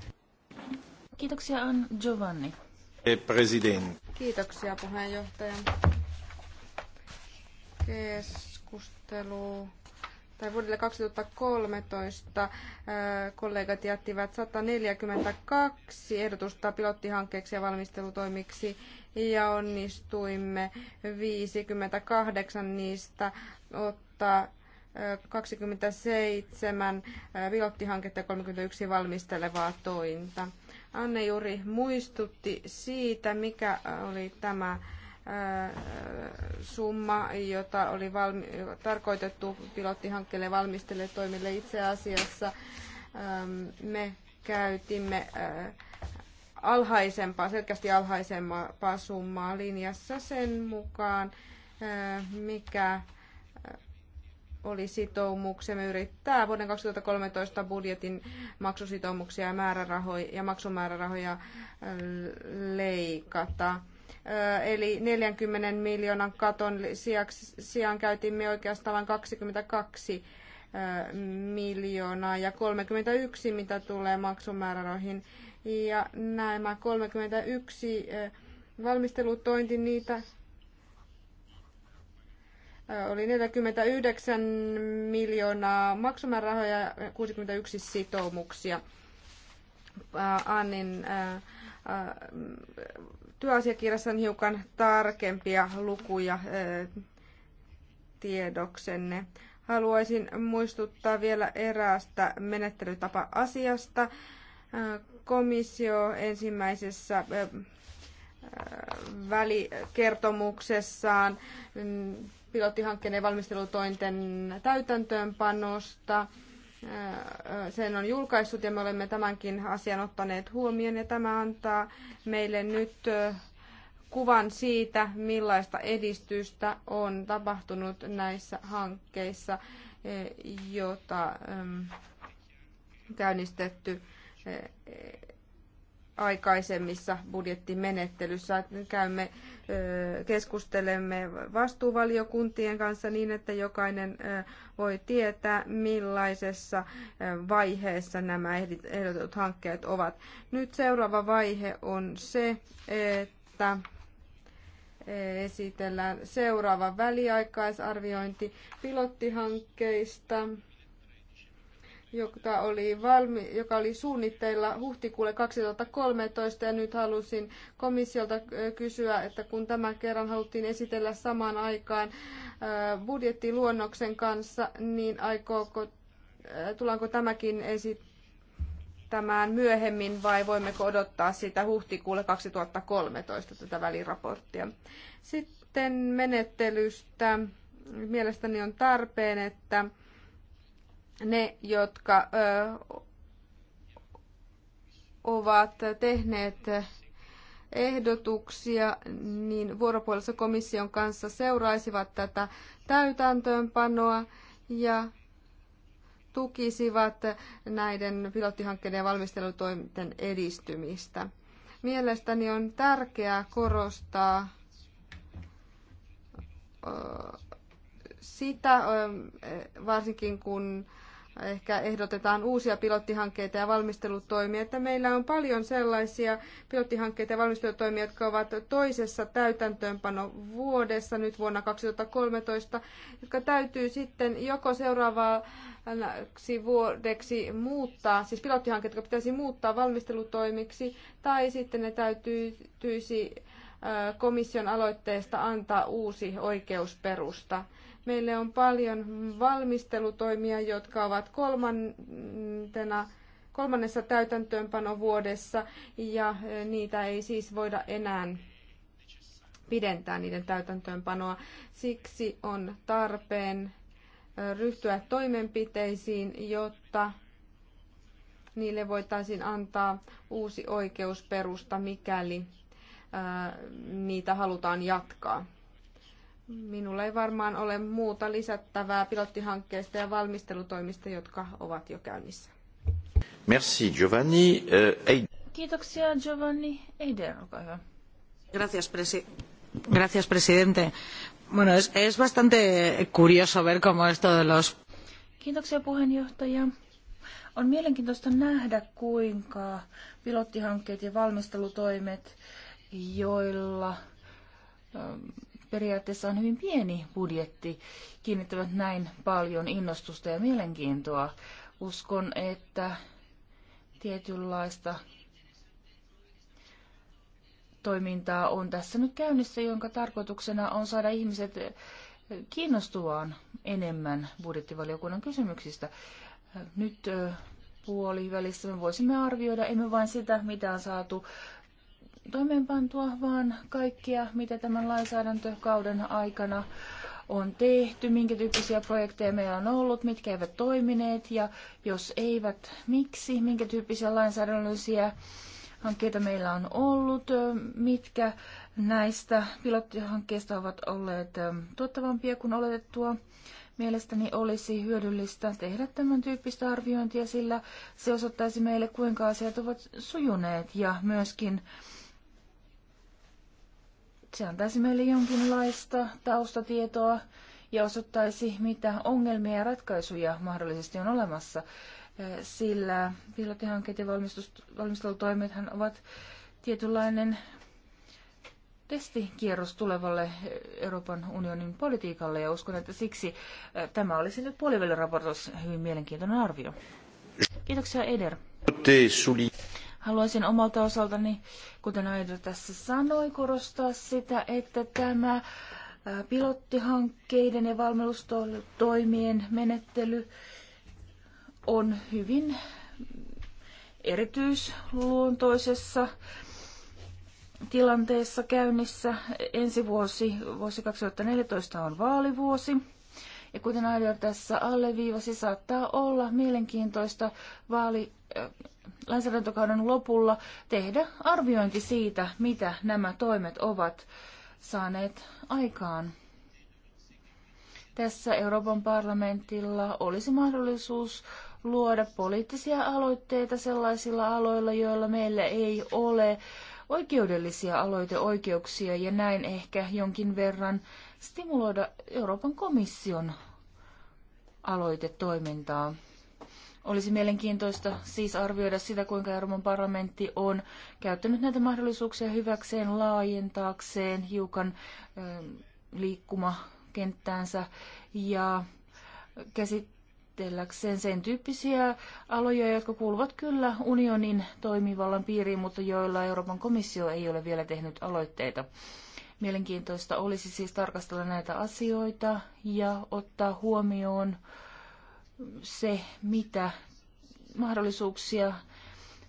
Kiitoksia Ann Giovanni. President. Kiitoksia puheenjohtaja keskustelu tai vuodelle 2013 äh, kollegat jättivät 142 ehdotusta pilottihankkeeksi ja valmistelutoimiksi ja onnistuimme 58 niistä ottaa 27 äh, äh, pilottihanketta ja 31 valmistelevaa tointa. Anne Juri muistutti siitä, mikä oli tämä summa, jota oli valmi- tarkoitettu pilottihankkeelle valmistelle toimille itse asiassa. Me käytimme alhaisempaa, selkeästi alhaisempaa summaa linjassa sen mukaan, mikä oli sitoumuksemme yrittää vuoden 2013 budjetin maksusitoumuksia ja, määrärahoja, ja maksumäärärahoja leikata eli 40 miljoonan katon sijaan käytimme oikeastaan vain 22 miljoonaa ja 31, mitä tulee maksumäärärahoihin. Ja nämä 31 valmistelutointi, niitä oli 49 miljoonaa maksumäärärahoja ja 61 sitoumuksia. Annin työasiakirjassa on hiukan tarkempia lukuja tiedoksenne. Haluaisin muistuttaa vielä eräästä menettelytapa-asiasta. Komissio ensimmäisessä välikertomuksessaan mm, pilottihankkeen ja valmistelutointen täytäntöönpanosta sen on julkaissut ja me olemme tämänkin asian ottaneet huomioon ja tämä antaa meille nyt kuvan siitä, millaista edistystä on tapahtunut näissä hankkeissa, e, jota käynnistetty e, aikaisemmissa budjettimenettelyissä. Käymme, keskustelemme vastuuvaliokuntien kanssa niin, että jokainen voi tietää, millaisessa vaiheessa nämä ehdotetut hankkeet ovat. Nyt seuraava vaihe on se, että esitellään seuraava väliaikaisarviointi pilottihankkeista joka oli, valmi, joka oli suunnitteilla huhtikuulle 2013 ja nyt halusin komissiolta äh, kysyä, että kun tämän kerran haluttiin esitellä samaan aikaan äh, budjettiluonnoksen kanssa, niin aikooko, äh, tullaanko tämäkin esittämään myöhemmin vai voimmeko odottaa sitä huhtikuulle 2013 tätä väliraporttia. Sitten menettelystä mielestäni on tarpeen, että ne, jotka ovat tehneet ehdotuksia, niin vuoropuolessa komission kanssa seuraisivat tätä täytäntöönpanoa ja tukisivat näiden pilottihankkeiden ja valmistelutoimien edistymistä. Mielestäni on tärkeää korostaa sitä, varsinkin kun ehkä ehdotetaan uusia pilottihankkeita ja valmistelutoimia, että meillä on paljon sellaisia pilottihankkeita ja valmistelutoimia, jotka ovat toisessa täytäntöönpano vuodessa nyt vuonna 2013, jotka täytyy sitten joko seuraavaksi vuodeksi muuttaa, siis pilottihankkeet, jotka pitäisi muuttaa valmistelutoimiksi, tai sitten ne täytyisi äh, komission aloitteesta antaa uusi oikeusperusta. Meille on paljon valmistelutoimia, jotka ovat kolmantena, kolmannessa täytäntöönpanovuodessa ja e, niitä ei siis voida enää pidentää niiden täytäntöönpanoa. Siksi on tarpeen e, ryhtyä toimenpiteisiin, jotta niille voitaisiin antaa uusi oikeusperusta, mikäli e, niitä halutaan jatkaa. Minulla ei varmaan ole muuta lisättävää pilottihankkeista ja valmistelutoimista, jotka ovat jo käynnissä. Merci Giovanni. Eh, Kiitoksia Giovanni. Eider, olkaa hyvä. Gracias, presi- Gracias presidente. Bueno, es, es bastante curioso ver cómo esto de los... Kiitoksia puheenjohtaja. On mielenkiintoista nähdä, kuinka pilottihankkeet ja valmistelutoimet, joilla ähm, periaatteessa on hyvin pieni budjetti, kiinnittävät näin paljon innostusta ja mielenkiintoa. Uskon, että tietynlaista toimintaa on tässä nyt käynnissä, jonka tarkoituksena on saada ihmiset kiinnostuvaan enemmän budjettivaliokunnan kysymyksistä. Nyt puolivälissä me voisimme arvioida, emme vain sitä, mitä on saatu toimeenpantua, vaan kaikkia, mitä tämän lainsäädäntökauden aikana on tehty, minkä tyyppisiä projekteja meillä on ollut, mitkä eivät toimineet ja jos eivät, miksi, minkä tyyppisiä lainsäädännöllisiä hankkeita meillä on ollut, mitkä näistä pilottihankkeista ovat olleet ähm, tuottavampia kuin oletettua. Mielestäni olisi hyödyllistä tehdä tämän tyyppistä arviointia, sillä se osoittaisi meille, kuinka asiat ovat sujuneet ja myöskin se antaisi meille jonkinlaista taustatietoa ja osoittaisi, mitä ongelmia ja ratkaisuja mahdollisesti on olemassa, eh, sillä pilotihankkeet ja valmistelutoimethan ovat tietynlainen testikierros tulevalle Euroopan unionin politiikalle ja uskon, että siksi eh, tämä olisi nyt puoliväliraportossa hyvin mielenkiintoinen arvio. Kiitoksia Eder. Haluaisin omalta osaltani, kuten Aida tässä sanoi, korostaa sitä, että tämä pilottihankkeiden ja valmennustoimien menettely on hyvin erityisluontoisessa tilanteessa käynnissä. Ensi vuosi, vuosi 2014 on vaalivuosi. Ja kuten Aido tässä alleviivasi, saattaa olla mielenkiintoista vaali lainsäädäntökauden lopulla tehdä arviointi siitä, mitä nämä toimet ovat saaneet aikaan. Tässä Euroopan parlamentilla olisi mahdollisuus luoda poliittisia aloitteita sellaisilla aloilla, joilla meillä ei ole oikeudellisia aloiteoikeuksia ja näin ehkä jonkin verran stimuloida Euroopan komission aloitetoimintaa. Olisi mielenkiintoista siis arvioida sitä, kuinka Euroopan parlamentti on käyttänyt näitä mahdollisuuksia hyväkseen, laajentaakseen hiukan liikkumakenttäänsä ja käsitelläkseen sen tyyppisiä aloja, jotka kuuluvat kyllä unionin toimivallan piiriin, mutta joilla Euroopan komissio ei ole vielä tehnyt aloitteita. Mielenkiintoista olisi siis tarkastella näitä asioita ja ottaa huomioon se, mitä mahdollisuuksia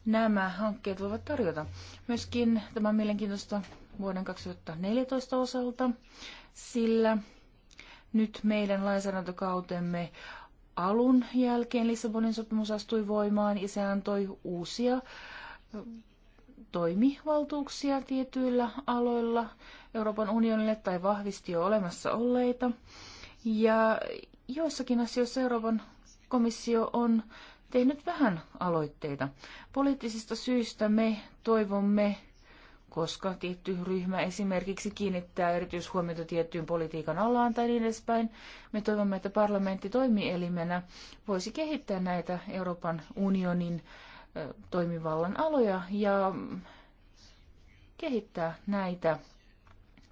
nämä hankkeet voivat tarjota. Myöskin tämä on mielenkiintoista vuoden 2014 osalta, sillä nyt meidän lainsäädäntökautemme alun jälkeen Lissabonin sopimus astui voimaan ja se antoi uusia toimivaltuuksia tietyillä aloilla Euroopan unionille tai vahvisti jo olemassa olleita. Ja joissakin asioissa Euroopan komissio on tehnyt vähän aloitteita. Poliittisista syistä me toivomme, koska tietty ryhmä esimerkiksi kiinnittää erityishuomiota tiettyyn politiikan alaan tai niin edespäin, me toivomme, että parlamentti toimielimenä voisi kehittää näitä Euroopan unionin toimivallan aloja ja kehittää näitä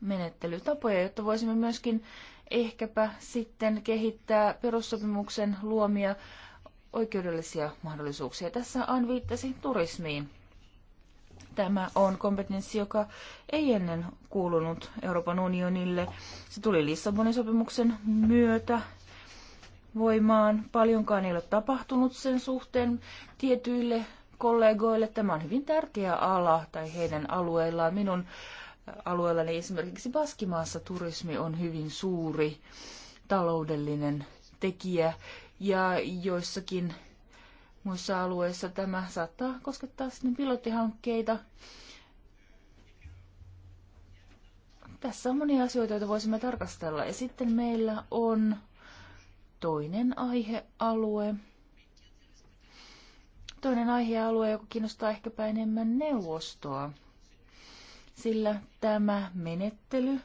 menettelytapoja, jotta voisimme myöskin ehkäpä sitten kehittää perussopimuksen luomia oikeudellisia mahdollisuuksia. Tässä on viittasi turismiin. Tämä on kompetenssi, joka ei ennen kuulunut Euroopan unionille. Se tuli Lissabonin sopimuksen myötä voimaan. Paljonkaan ei ole tapahtunut sen suhteen tietyille kollegoille. Tämä on hyvin tärkeä ala tai heidän alueillaan. Minun äh, alueella, niin esimerkiksi Baskimaassa turismi on hyvin suuri taloudellinen tekijä ja joissakin muissa alueissa tämä saattaa koskettaa sitten pilottihankkeita. Tässä on monia asioita, joita voisimme tarkastella. Ja sitten meillä on toinen aihealue. Toinen aihealue, joka kiinnostaa ehkäpä enemmän neuvostoa sillä tämä menettely,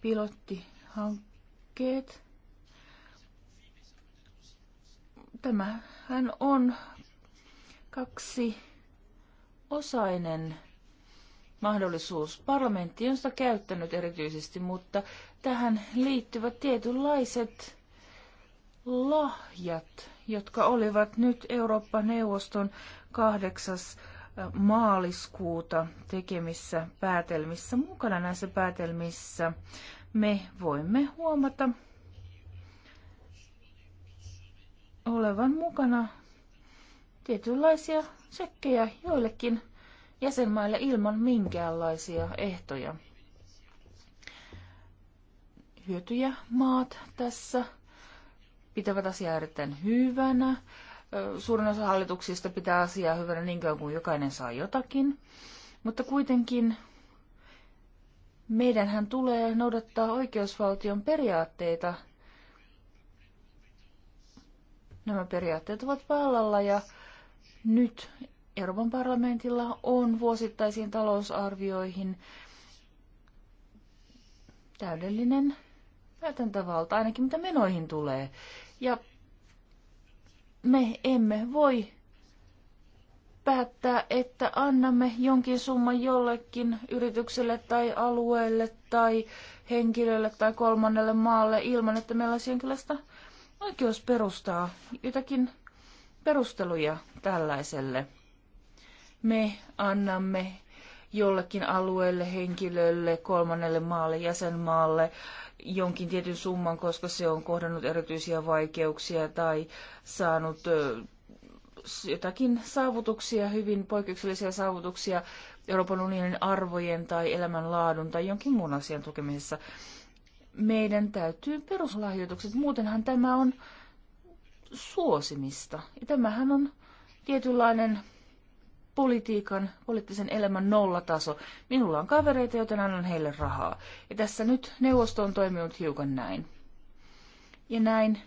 pilottihankkeet, tämähän on kaksi osainen mahdollisuus. Parlamentti on sitä käyttänyt erityisesti, mutta tähän liittyvät tietynlaiset lahjat, jotka olivat nyt Eurooppa-neuvoston kahdeksas maaliskuuta tekemissä päätelmissä. Mukana näissä päätelmissä me voimme huomata olevan mukana tietynlaisia sekkejä joillekin jäsenmaille ilman minkäänlaisia ehtoja. Hyötyjä maat tässä pitävät asiaa erittäin hyvänä suurin osa hallituksista pitää asiaa hyvänä niin kauan kuin jokainen saa jotakin. Mutta kuitenkin meidänhän tulee noudattaa oikeusvaltion periaatteita. Nämä periaatteet ovat vallalla ja nyt Euroopan parlamentilla on vuosittaisiin talousarvioihin täydellinen päätäntävalta, ainakin mitä menoihin tulee. Ja me emme voi päättää, että annamme jonkin summan jollekin yritykselle tai alueelle tai henkilölle tai kolmannelle maalle ilman, että meillä olisi jonkinlaista oikeus perustaa jotakin perusteluja tällaiselle. Me annamme jollekin alueelle, henkilölle, kolmannelle maalle, jäsenmaalle jonkin tietyn summan, koska se on kohdannut erityisiä vaikeuksia tai saanut jotakin saavutuksia, hyvin poikkeuksellisia saavutuksia Euroopan unionin arvojen tai elämänlaadun tai jonkin muun asian tukemisessa. Meidän täytyy peruslahjoitukset, muutenhan tämä on suosimista. Ja tämähän on tietynlainen politiikan, poliittisen elämän nollataso. Minulla on kavereita, joten annan heille rahaa. Ja tässä nyt neuvosto on toiminut hiukan näin. Ja näin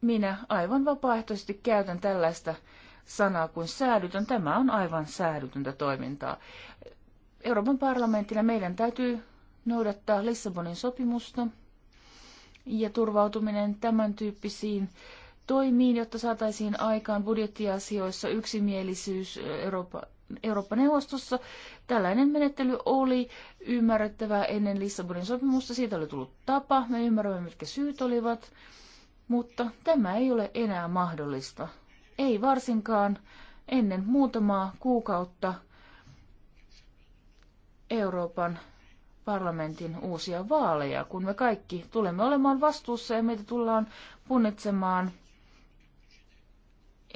minä aivan vapaaehtoisesti käytän tällaista sanaa kuin säädytön. Tämä on aivan säädytöntä toimintaa. Euroopan parlamenttina meidän täytyy noudattaa Lissabonin sopimusta ja turvautuminen tämän tyyppisiin äh, toimiin, jotta saataisiin aikaan budjettiasioissa yksimielisyys Eurooppa, Eurooppa-neuvostossa. Tällainen menettely oli ymmärrettävää ennen Lissabonin sopimusta. Siitä oli tullut tapa. Me ymmärrämme, mitkä syyt olivat. Mutta tämä ei ole enää mahdollista. Ei varsinkaan ennen muutamaa kuukautta Euroopan parlamentin uusia vaaleja, kun me kaikki tulemme olemaan vastuussa ja meitä tullaan punnitsemaan –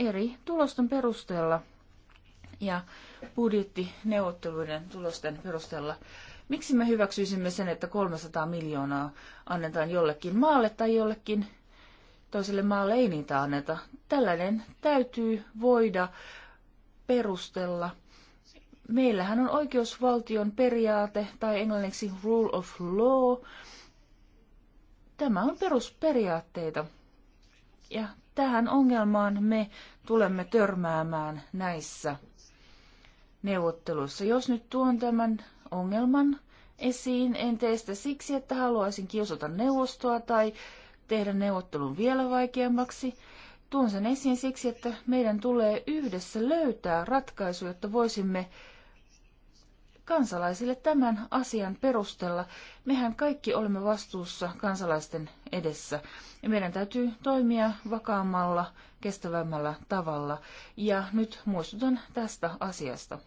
eri tulosten perusteella ja budjettineuvotteluiden tulosten perusteella. Miksi me hyväksyisimme sen, että 300 miljoonaa annetaan jollekin maalle tai jollekin toiselle maalle ei niitä anneta? Tällainen täytyy voida perustella. Meillähän on oikeusvaltion periaate tai englanniksi rule of law. Tämä on perusperiaatteita. Ja tähän ongelmaan me tulemme törmäämään näissä neuvotteluissa. Jos nyt tuon tämän ongelman esiin, en tee sitä siksi, että haluaisin kiusata neuvostoa tai tehdä neuvottelun vielä vaikeammaksi. Tuon sen esiin siksi, että meidän tulee yhdessä löytää ratkaisu, jotta voisimme kansalaisille tämän asian perustella. Mehän kaikki olemme vastuussa kansalaisten edessä ja meidän täytyy toimia vakaammalla kestävämmällä tavalla. Ja nyt muistutan tästä asiasta.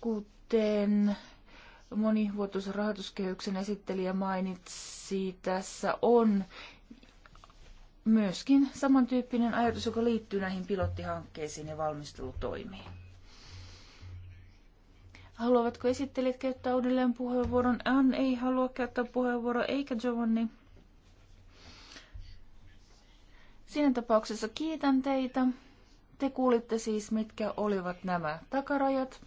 Kuten monivuotoisen rahoituskehyksen esittelijä mainitsi, tässä on myöskin samantyyppinen ajatus, joka liittyy näihin pilottihankkeisiin ja valmistelutoimiin. Haluavatko esittelijät käyttää uudelleen puheenvuoron? Ann ei halua käyttää puheenvuoroa, eikä Giovanni. Siinä tapauksessa kiitän teitä. Te kuulitte siis, mitkä olivat nämä takarajat,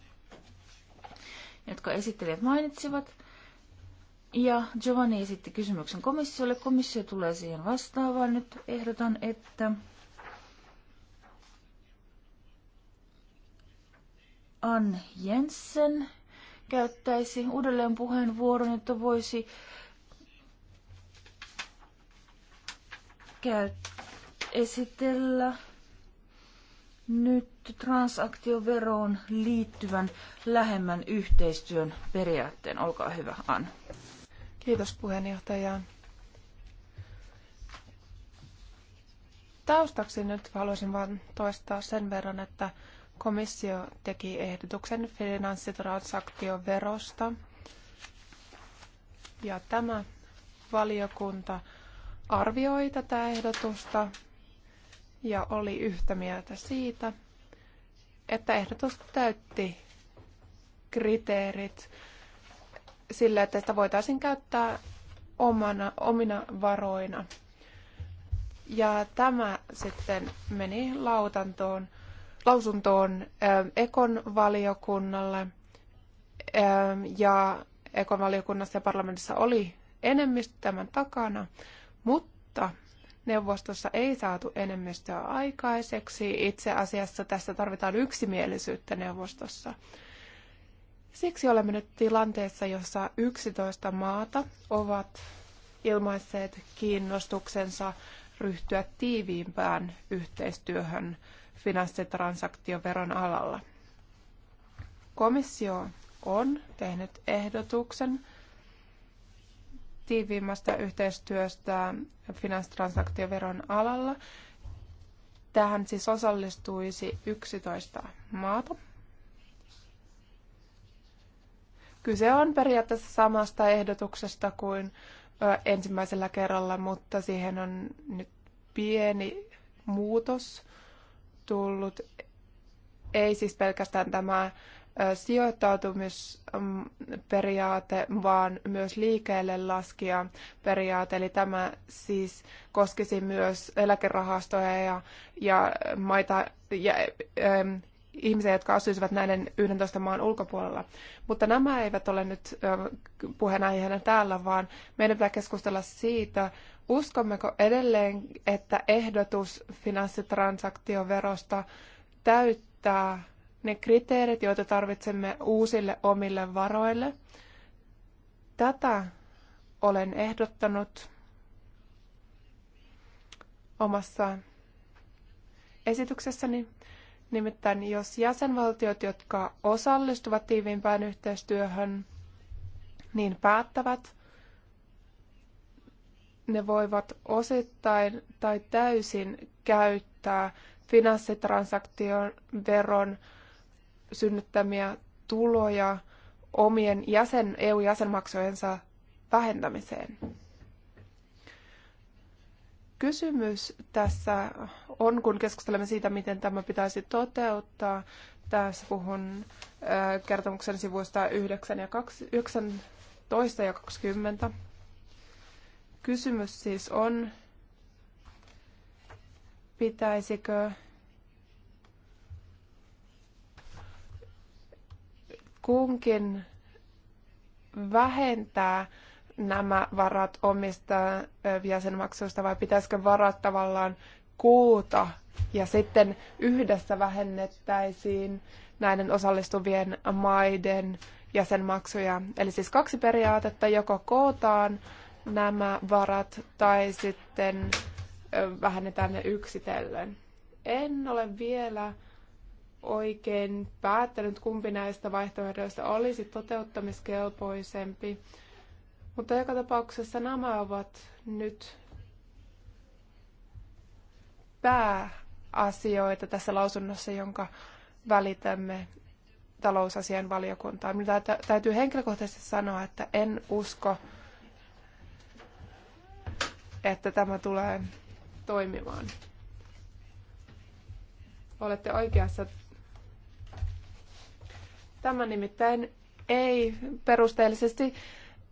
jotka esittelijät mainitsivat. Ja Giovanni esitti kysymyksen komissiolle. Komissio tulee siihen vastaavaan. Nyt ehdotan, että Ann Jensen käyttäisi uudelleen puheenvuoron, että voisi esitellä nyt transaktioveroon liittyvän lähemmän yhteistyön periaatteen. Olkaa hyvä, Ann. Kiitos puheenjohtaja. Taustaksi nyt haluaisin vain toistaa sen verran, että Komissio teki ehdotuksen finanssitransaktioverosta ja tämä valiokunta arvioi tätä ehdotusta ja oli yhtä mieltä siitä, että ehdotus täytti kriteerit sille, että sitä voitaisiin käyttää omana, omina varoina. Ja tämä sitten meni lautantoon lausuntoon Ekon valiokunnalle ja Ekon valiokunnassa ja parlamentissa oli enemmistö tämän takana, mutta neuvostossa ei saatu enemmistöä aikaiseksi. Itse asiassa tässä tarvitaan yksimielisyyttä neuvostossa. Siksi olemme nyt tilanteessa, jossa 11 maata ovat ilmaisseet kiinnostuksensa ryhtyä tiiviimpään yhteistyöhön finanssitransaktioveron alalla. Komissio on tehnyt ehdotuksen tiiviimmästä yhteistyöstä finanssitransaktioveron alalla. Tähän siis osallistuisi 11 maata. Kyse on periaatteessa samasta ehdotuksesta kuin ensimmäisellä kerralla, mutta siihen on nyt pieni muutos tullut, ei siis pelkästään tämä sijoittautumisperiaate, vaan myös liikkeelle laskija periaate. Eli tämä siis koskisi myös eläkerahastoja ja, ja maita ja, ähm, ihmisiä, jotka asuisivat näiden 11 maan ulkopuolella. Mutta nämä eivät ole nyt puheenaiheena täällä, vaan meidän pitää keskustella siitä, Uskommeko edelleen, että ehdotus finanssitransaktioverosta täyttää ne kriteerit, joita tarvitsemme uusille omille varoille? Tätä olen ehdottanut omassa esityksessäni. Nimittäin jos jäsenvaltiot, jotka osallistuvat tiiviimpään yhteistyöhön, niin päättävät, ne voivat osittain tai täysin käyttää finanssitransaktion veron synnyttämiä tuloja omien jäsen, EU-jäsenmaksujensa vähentämiseen. Kysymys tässä on, kun keskustelemme siitä, miten tämä pitäisi toteuttaa. Tässä puhun kertomuksen sivuista 9 ja 12 ja 20. Kysymys siis on, pitäisikö kunkin vähentää nämä varat omista jäsenmaksuista vai pitäisikö varat tavallaan kuuta ja sitten yhdessä vähennettäisiin näiden osallistuvien maiden jäsenmaksuja. Eli siis kaksi periaatetta, joko kootaan nämä varat tai sitten vähennetään ne yksitellen. En ole vielä oikein päättänyt, kumpi näistä vaihtoehdoista olisi toteuttamiskelpoisempi. Mutta joka tapauksessa nämä ovat nyt pääasioita tässä lausunnossa, jonka välitämme talousasian valiokuntaan. Minun täytyy henkilökohtaisesti sanoa, että en usko, että tämä tulee toimimaan. Olette oikeassa. Tämä nimittäin ei perusteellisesti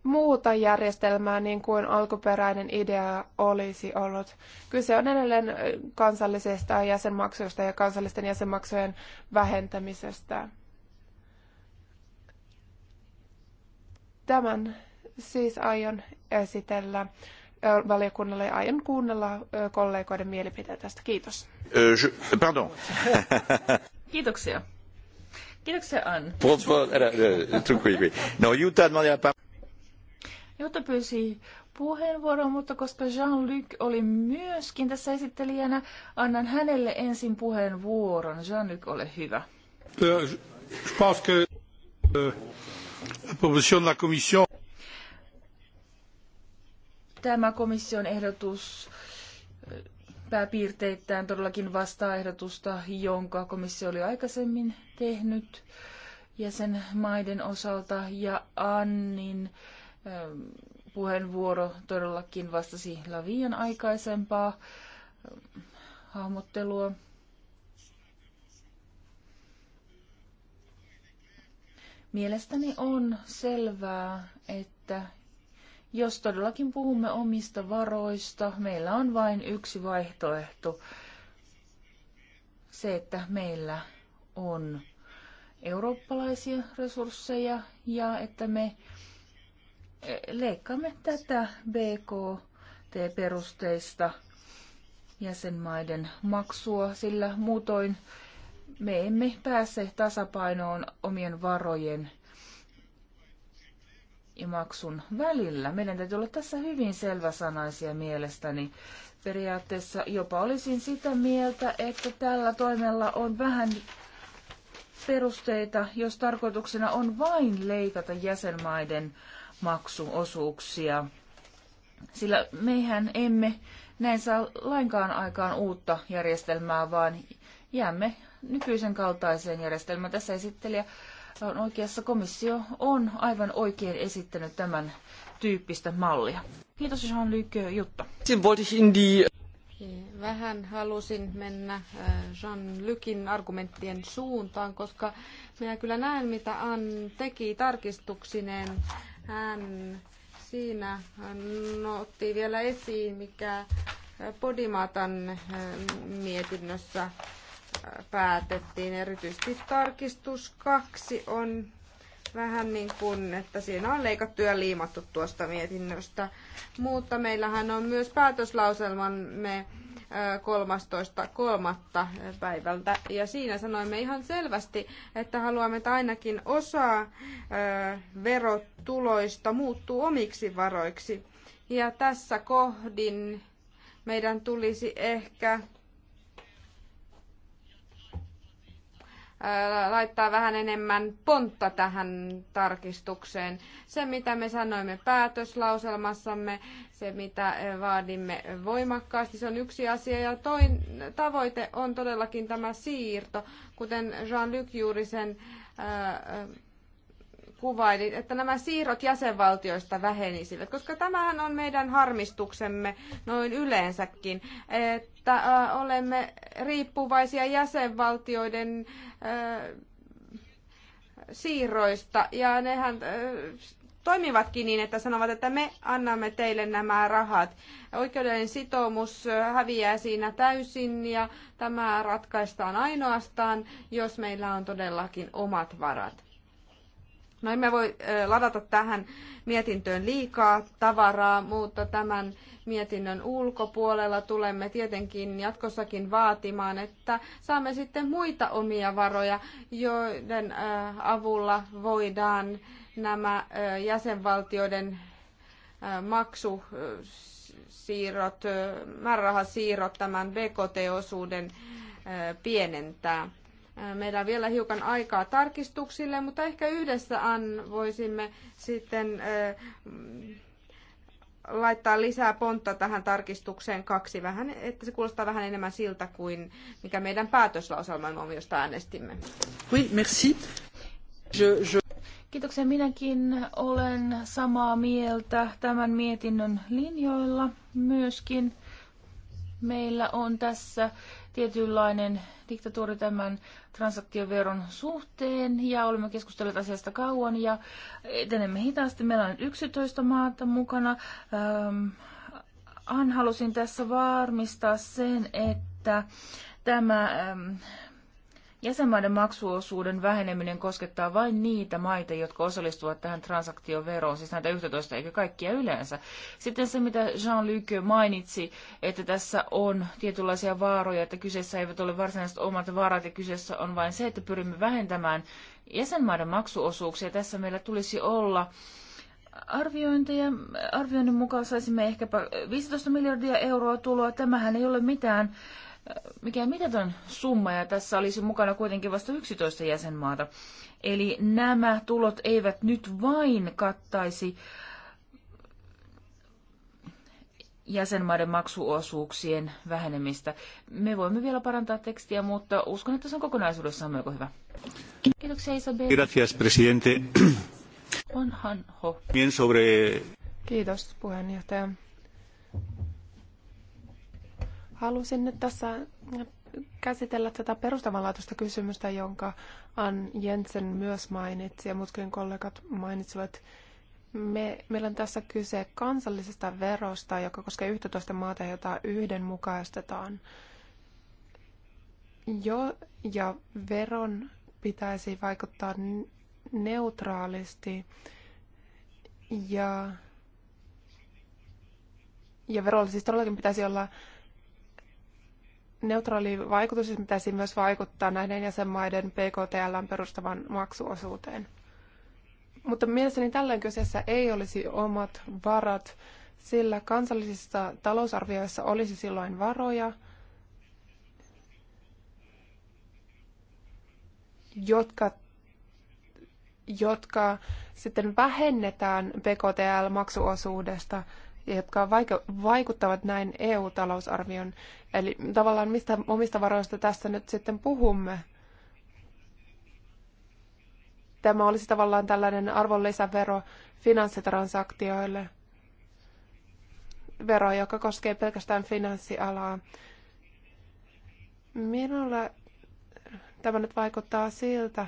muuta järjestelmää niin kuin alkuperäinen idea olisi ollut. Kyse on edelleen kansallisesta jäsenmaksuista ja kansallisten jäsenmaksujen vähentämisestä. Tämän siis aion esitellä valiokunnalle ja aion kuunnella kollegoiden mielipiteitä tästä. Kiitos. pardon. Kiitoksia. Kiitoksia, Ann. No, Jutta Jutta pyysi puheenvuoron, mutta koska Jean-Luc oli myöskin tässä esittelijänä, annan hänelle ensin puheenvuoron. Jean-Luc, ole hyvä. Euh, je pense que la proposition de la commission tämä komission ehdotus äh, pääpiirteittäin todellakin vastaa ehdotusta, jonka komissio oli aikaisemmin tehnyt jäsenmaiden osalta ja Annin ähm, puheenvuoro todellakin vastasi Lavian aikaisempaa ähm, hahmottelua. Mielestäni on selvää, että jos todellakin puhumme omista varoista, meillä on vain yksi vaihtoehto. Se, että meillä on eurooppalaisia resursseja ja että me eh, leikkaamme tätä BKT-perusteista jäsenmaiden maksua, sillä muutoin me emme pääse tasapainoon omien varojen ja maksun välillä. Meidän täytyy olla tässä hyvin selväsanaisia mielestäni. Periaatteessa jopa olisin sitä mieltä, että tällä toimella on vähän perusteita, jos tarkoituksena on vain leikata jäsenmaiden maksuosuuksia. Sillä mehän emme näin saa lainkaan aikaan uutta järjestelmää, vaan jäämme nykyisen kaltaiseen järjestelmään. Tässä esittelijä on oikeassa. Komissio on aivan oikein esittänyt tämän tyyppistä mallia. Kiitos Jean-Luc Jutta. Siis Vähän halusin mennä äh, jean Lykin argumenttien suuntaan, koska minä kyllä näen, mitä Ann teki tarkistuksineen. Hän siinä otti vielä esiin, mikä Podimatan äh, mietinnössä päätettiin. Erityisesti tarkistus kaksi on vähän niin kuin, että siinä on leikattu ja liimattu tuosta mietinnöstä. Mutta meillähän on myös päätöslauselmamme 13.3. päivältä. Ja siinä sanoimme ihan selvästi, että haluamme, että ainakin osa verotuloista muuttuu omiksi varoiksi. Ja tässä kohdin meidän tulisi ehkä laittaa vähän enemmän pontta tähän tarkistukseen. Se, mitä me sanoimme päätöslauselmassamme, se, mitä vaadimme voimakkaasti, se on yksi asia. Ja toin tavoite on todellakin tämä siirto, kuten Jean-Luc juuri sen kuvaili, että nämä siirrot jäsenvaltioista vähenisivät, koska tämähän on meidän harmistuksemme noin yleensäkin, että olemme riippuvaisia jäsenvaltioiden siirroista ja nehän toimivatkin niin, että sanovat, että me annamme teille nämä rahat. Oikeudellinen sitoumus häviää siinä täysin ja tämä ratkaistaan ainoastaan, jos meillä on todellakin omat varat. No emme voi ladata tähän mietintöön liikaa tavaraa, mutta tämän mietinnön ulkopuolella tulemme tietenkin jatkossakin vaatimaan, että saamme sitten muita omia varoja, joiden avulla voidaan nämä jäsenvaltioiden maksusiirrot, määrärahasiirrot tämän BKT-osuuden pienentää. Äh, meillä on vielä hiukan aikaa tarkistuksille, mutta ehkä yhdessä An voisimme sitten äh, laittaa lisää pontta tähän tarkistukseen kaksi, vähän, että se kuulostaa vähän enemmän siltä kuin mikä meidän päätöslauselman on, josta äänestimme. Oui, merci. Je, je... Kiitoksia. Minäkin olen samaa mieltä tämän mietinnön linjoilla myöskin. Meillä on tässä tietynlainen diktatuuri tämän transaktioveron suhteen ja olemme keskustelleet asiasta kauan ja etenemme hitaasti. Meillä on 11 maata mukana. Ähm, halusin tässä varmistaa sen, että tämä ähm, Jäsenmaiden maksuosuuden väheneminen koskettaa vain niitä maita, jotka osallistuvat tähän transaktioveroon, siis näitä 11 eikä kaikkia yleensä. Sitten se, mitä Jean-Luc mainitsi, että tässä on tietynlaisia vaaroja, että kyseessä eivät ole varsinaiset omat vaarat ja kyseessä on vain se, että pyrimme vähentämään jäsenmaiden maksuosuuksia. Tässä meillä tulisi olla arviointeja. Arvioinnin mukaan saisimme ehkäpä 15 miljardia euroa tuloa. Tämähän ei ole mitään mikä mitätön summa, ja tässä olisi mukana kuitenkin vasta 11 jäsenmaata. Eli nämä tulot eivät nyt vain kattaisi jäsenmaiden maksuosuuksien vähenemistä. Me voimme vielä parantaa tekstiä, mutta uskon, että se on kokonaisuudessaan melko hyvä. Kiitoksia Isabel. Gracias, presidente. Onhan ho. Bien sobre... Kiitos puheenjohtaja. Halusin nyt tässä käsitellä tätä perustavanlaatuista kysymystä, jonka Ann Jensen myös mainitsi ja muutkin kollegat mainitsivat. Me, meillä on tässä kyse kansallisesta verosta, joka koskee 11 maata, jota yhdenmukaistetaan. Jo, ja veron pitäisi vaikuttaa neutraalisti ja, ja verolla siis todellakin pitäisi olla neutraali vaikutus, siis pitäisi myös vaikuttaa näiden jäsenmaiden PKTL perustavan maksuosuuteen. Mutta mielestäni tällöin kyseessä ei olisi omat varat, sillä kansallisissa talousarvioissa olisi silloin varoja, jotka, jotka sitten vähennetään PKTL-maksuosuudesta – jotka vaikuttavat näin EU-talousarvion. Eli tavallaan mistä omista varoista tässä nyt sitten puhumme? Tämä olisi tavallaan tällainen arvonlisävero finanssitransaktioille. Vero, joka koskee pelkästään finanssialaa. Minulle tämä nyt vaikuttaa siltä,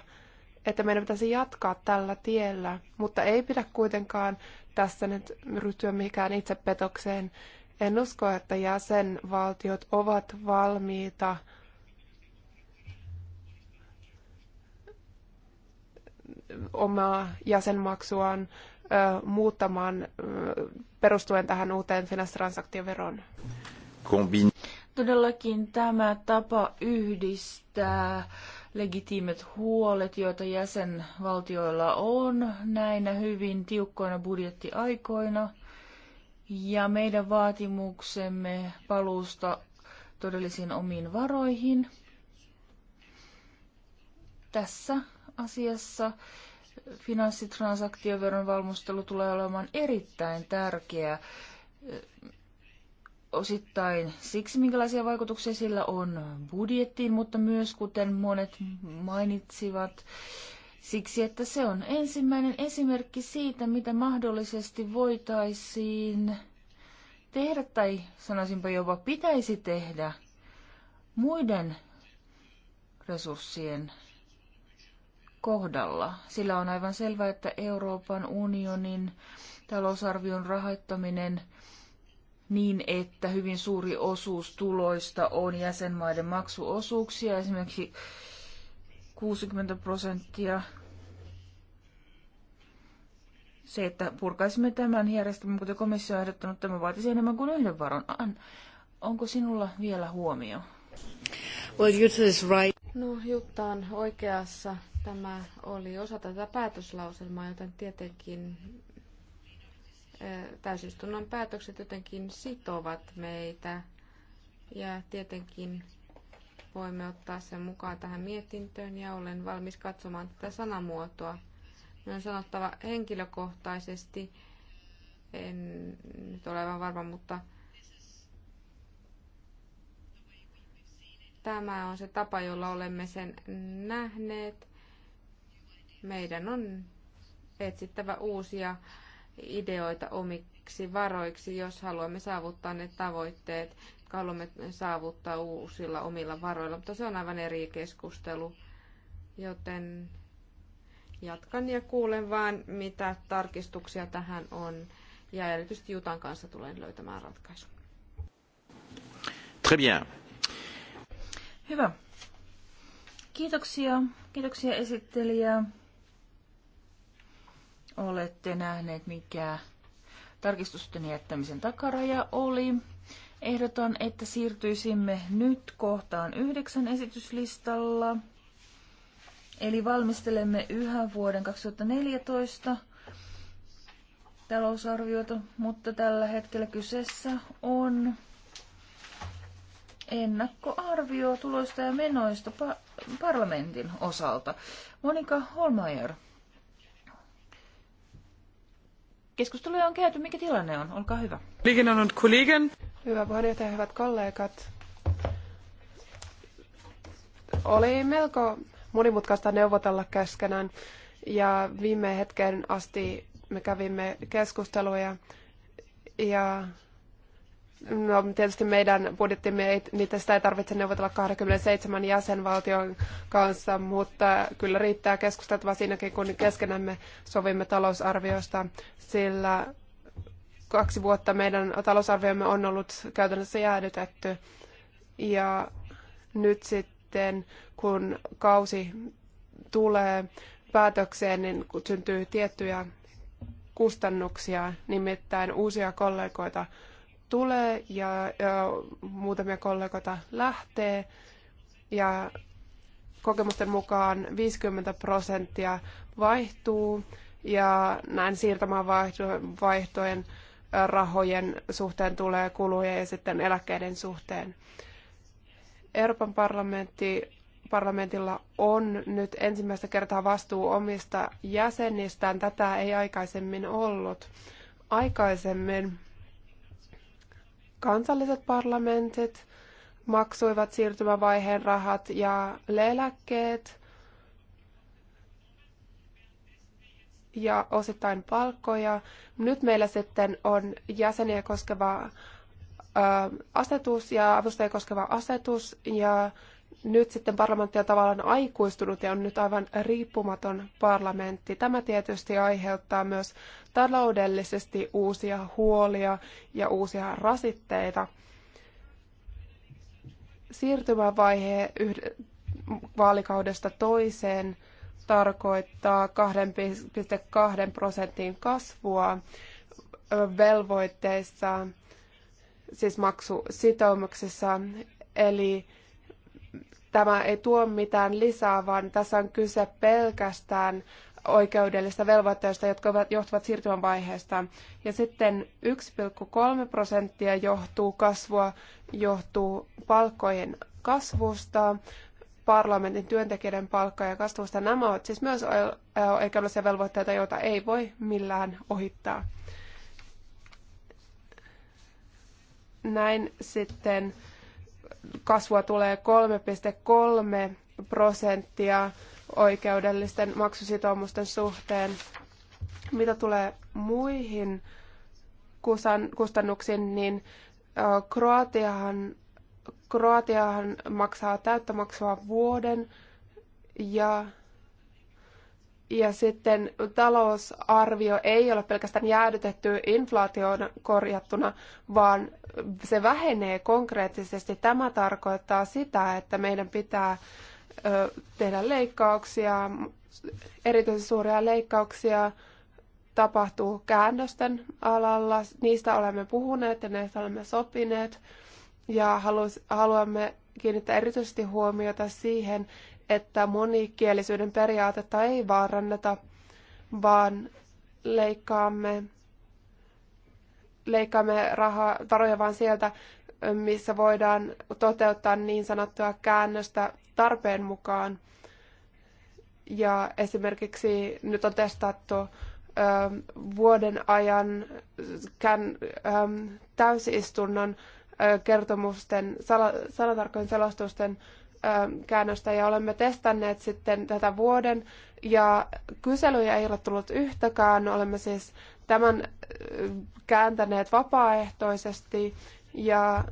että meidän pitäisi jatkaa tällä tiellä, mutta ei pidä kuitenkaan tässä nyt ryhtyä mikään itsepetokseen. En usko, että jäsenvaltiot ovat valmiita omaa jäsenmaksuaan ö, muuttamaan ö, perustuen tähän uuteen finanssitransaktioveroon. Kombin. Todellakin tämä tapa yhdistää legitiimit huolet, joita jäsenvaltioilla on näinä hyvin tiukkoina budjettiaikoina. Ja meidän vaatimuksemme paluusta todellisiin omiin varoihin tässä asiassa finanssitransaktioveron valmistelu tulee olemaan erittäin tärkeä osittain siksi, minkälaisia vaikutuksia sillä on budjettiin, mutta myös, kuten monet mainitsivat, siksi, että se on ensimmäinen esimerkki siitä, mitä mahdollisesti voitaisiin tehdä tai sanoisinpa jopa pitäisi tehdä muiden resurssien kohdalla. Sillä on aivan selvää, että Euroopan unionin talousarvion rahoittaminen – niin, että hyvin suuri osuus tuloista on jäsenmaiden maksuosuuksia, esimerkiksi 60 prosenttia. Se, että purkaisimme tämän järjestelmän, kuten komissio on ehdottanut, tämä vaatisi enemmän kuin yhden varon. Onko sinulla vielä huomio? Well, Jutta is right. No, Jutta on oikeassa. Tämä oli osa tätä päätöslauselmaa, joten tietenkin täysistunnon päätökset jotenkin sitovat meitä ja tietenkin voimme ottaa sen mukaan tähän mietintöön ja olen valmis katsomaan tätä sanamuotoa. Minun on sanottava henkilökohtaisesti, en nyt ole aivan varma, mutta tämä on se tapa, jolla olemme sen nähneet. Meidän on etsittävä uusia ideoita omiksi varoiksi, jos haluamme saavuttaa ne tavoitteet, jotka haluamme saavuttaa uusilla omilla varoilla. Mutta se on aivan eri keskustelu, joten jatkan ja kuulen vaan, mitä tarkistuksia tähän on. Ja erityisesti Jutan kanssa tulen löytämään ratkaisun. Très bien. Hyvä. Kiitoksia. Kiitoksia esittelijä. Olette nähneet, mikä tarkistusten jättämisen takaraja oli. Ehdotan, että siirtyisimme nyt kohtaan yhdeksän esityslistalla. Eli valmistelemme yhä vuoden 2014 talousarviota, mutta tällä hetkellä kyseessä on ennakkoarvio tuloista ja menoista pa- parlamentin osalta. Monika Holmeier Keskusteluja on käyty. Mikä tilanne on? Olkaa hyvä. Liikennan on Kollegen. Hyvä puheenjohtaja, hyvät kollegat. Oli melko monimutkaista neuvotella keskenään ja viime hetken asti me kävimme keskusteluja ja No, tietysti meidän budjettimme ei, niitä sitä ei tarvitse neuvotella 27 jäsenvaltion kanssa, mutta kyllä riittää keskusteltavaa siinäkin, kun keskenämme sovimme talousarviosta, sillä kaksi vuotta meidän talousarviomme on ollut käytännössä jäädytetty. Ja nyt sitten, kun kausi tulee päätökseen, niin syntyy tiettyjä kustannuksia, nimittäin uusia kollegoita tulee ja, ja muutamia kollegoita lähtee. Ja kokemusten mukaan 50 prosenttia vaihtuu ja näin siirtämään vaihtojen rahojen suhteen tulee kuluja ja sitten eläkkeiden suhteen. Euroopan parlamentti, parlamentilla on nyt ensimmäistä kertaa vastuu omista jäsenistään. Tätä ei aikaisemmin ollut. Aikaisemmin kansalliset parlamentit maksoivat siirtymävaiheen rahat ja eläkkeet ja osittain palkkoja. Nyt meillä sitten on jäseniä koskeva asetus ja avustajia koskeva asetus ja nyt sitten parlamentti on tavallaan aikuistunut ja on nyt aivan riippumaton parlamentti. Tämä tietysti aiheuttaa myös taloudellisesti uusia huolia ja uusia rasitteita. Siirtymävaihe vaalikaudesta toiseen tarkoittaa 2,2 prosentin kasvua velvoitteissa, siis maksusitoumuksissa, eli tämä ei tuo mitään lisää, vaan tässä on kyse pelkästään oikeudellisista velvoitteista, jotka johtuvat siirtymän vaiheesta. Ja sitten 1,3 prosenttia johtuu kasvua, johtuu palkkojen kasvusta, parlamentin työntekijöiden ja kasvusta. Nämä ovat siis myös oikeudellisia velvoitteita, joita ei voi millään ohittaa. Näin sitten kasvua tulee 3,3 prosenttia oikeudellisten maksusitoumusten suhteen. Mitä tulee muihin kustannuksiin, niin Kroatiahan, Kroatiahan maksaa täyttä maksua vuoden ja, ja sitten talousarvio ei ole pelkästään jäädytetty inflaatioon korjattuna, vaan se vähenee konkreettisesti. Tämä tarkoittaa sitä, että meidän pitää tehdä leikkauksia, erityisen suuria leikkauksia tapahtuu käännösten alalla. Niistä olemme puhuneet ja näistä olemme sopineet. Ja haluamme kiinnittää erityisesti huomiota siihen, että monikielisyyden periaatetta ei vaaranneta, vaan leikkaamme leikkaamme rahaa, varoja vain sieltä, missä voidaan toteuttaa niin sanottua käännöstä tarpeen mukaan. Ja esimerkiksi nyt on testattu vuoden ajan kään, täysistunnon kertomusten, sala, selostusten käännöstä ja olemme testanneet sitten tätä vuoden ja kyselyjä ei ole tullut yhtäkään. Olemme siis tämän äh, kääntäneet vapaaehtoisesti ja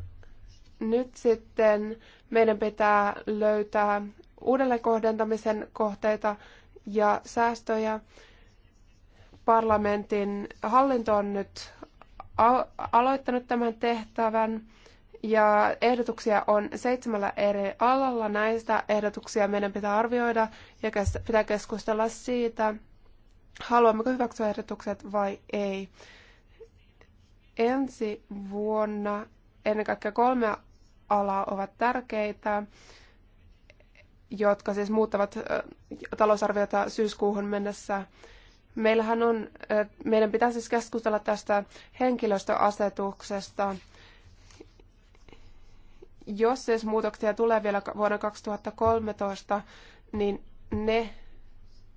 nyt sitten meidän pitää löytää uudelleenkohdentamisen kohteita ja säästöjä. Parlamentin hallinto on nyt aloittanut tämän tehtävän ja ehdotuksia on seitsemällä eri alalla. Näistä ehdotuksia meidän pitää arvioida ja pitää keskustella siitä, haluammeko hyväksyä ehdotukset vai ei. Ensi vuonna ennen kaikkea kolme alaa ovat tärkeitä, jotka siis muuttavat talousarviota syyskuuhun mennessä. Meillähän on, meidän pitää siis keskustella tästä henkilöstöasetuksesta. Jos siis muutoksia tulee vielä vuonna 2013, niin ne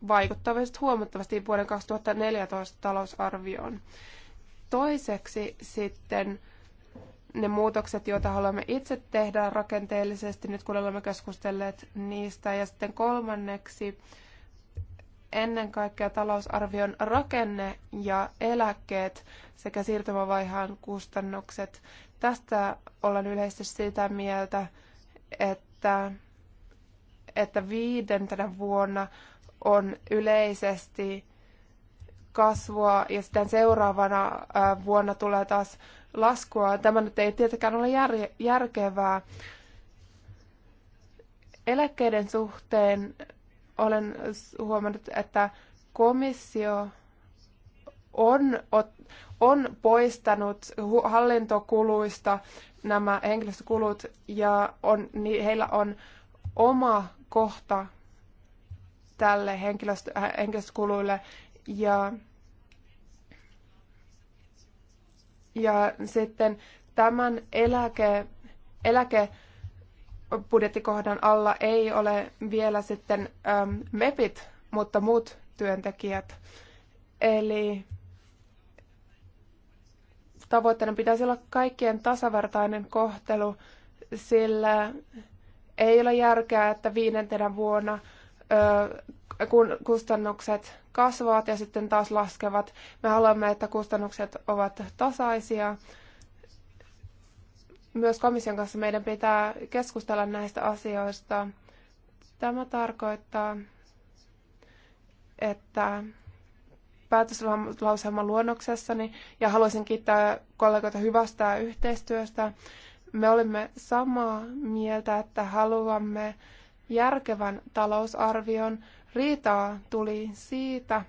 vaikuttavasti huomattavasti vuoden 2014 talousarvioon. Toiseksi sitten ne muutokset, joita haluamme itse tehdä rakenteellisesti, nyt kun olemme keskustelleet niistä. Ja sitten kolmanneksi ennen kaikkea talousarvion rakenne ja eläkkeet sekä siirtymävaiheen kustannukset. Tästä ollaan yleisesti sitä mieltä, että, että viidentenä vuonna on yleisesti kasvua ja sitten seuraavana vuonna tulee taas laskua. Tämä nyt ei tietenkään ole jär, järkevää. Eläkkeiden suhteen olen huomannut, että komissio on, on poistanut hallintokuluista nämä henkilöstökulut ja on, niin heillä on oma kohta tälle henkilöstö, äh, henkilöstökuluille ja, ja sitten tämän eläke, eläke budjettikohdan alla ei ole vielä sitten ähm, MEPit, mutta muut työntekijät. Eli tavoitteena pitäisi olla kaikkien tasavertainen kohtelu, sillä ei ole järkeä, että viidentenä vuonna kun kustannukset kasvavat ja sitten taas laskevat. Me haluamme, että kustannukset ovat tasaisia. Myös komission kanssa meidän pitää keskustella näistä asioista. Tämä tarkoittaa, että päätöslauselman luonnoksessani ja haluaisin kiittää kollegoita hyvästä yhteistyöstä. Me olimme samaa mieltä, että haluamme järkevän talousarvion. Riitaa tuli siitä,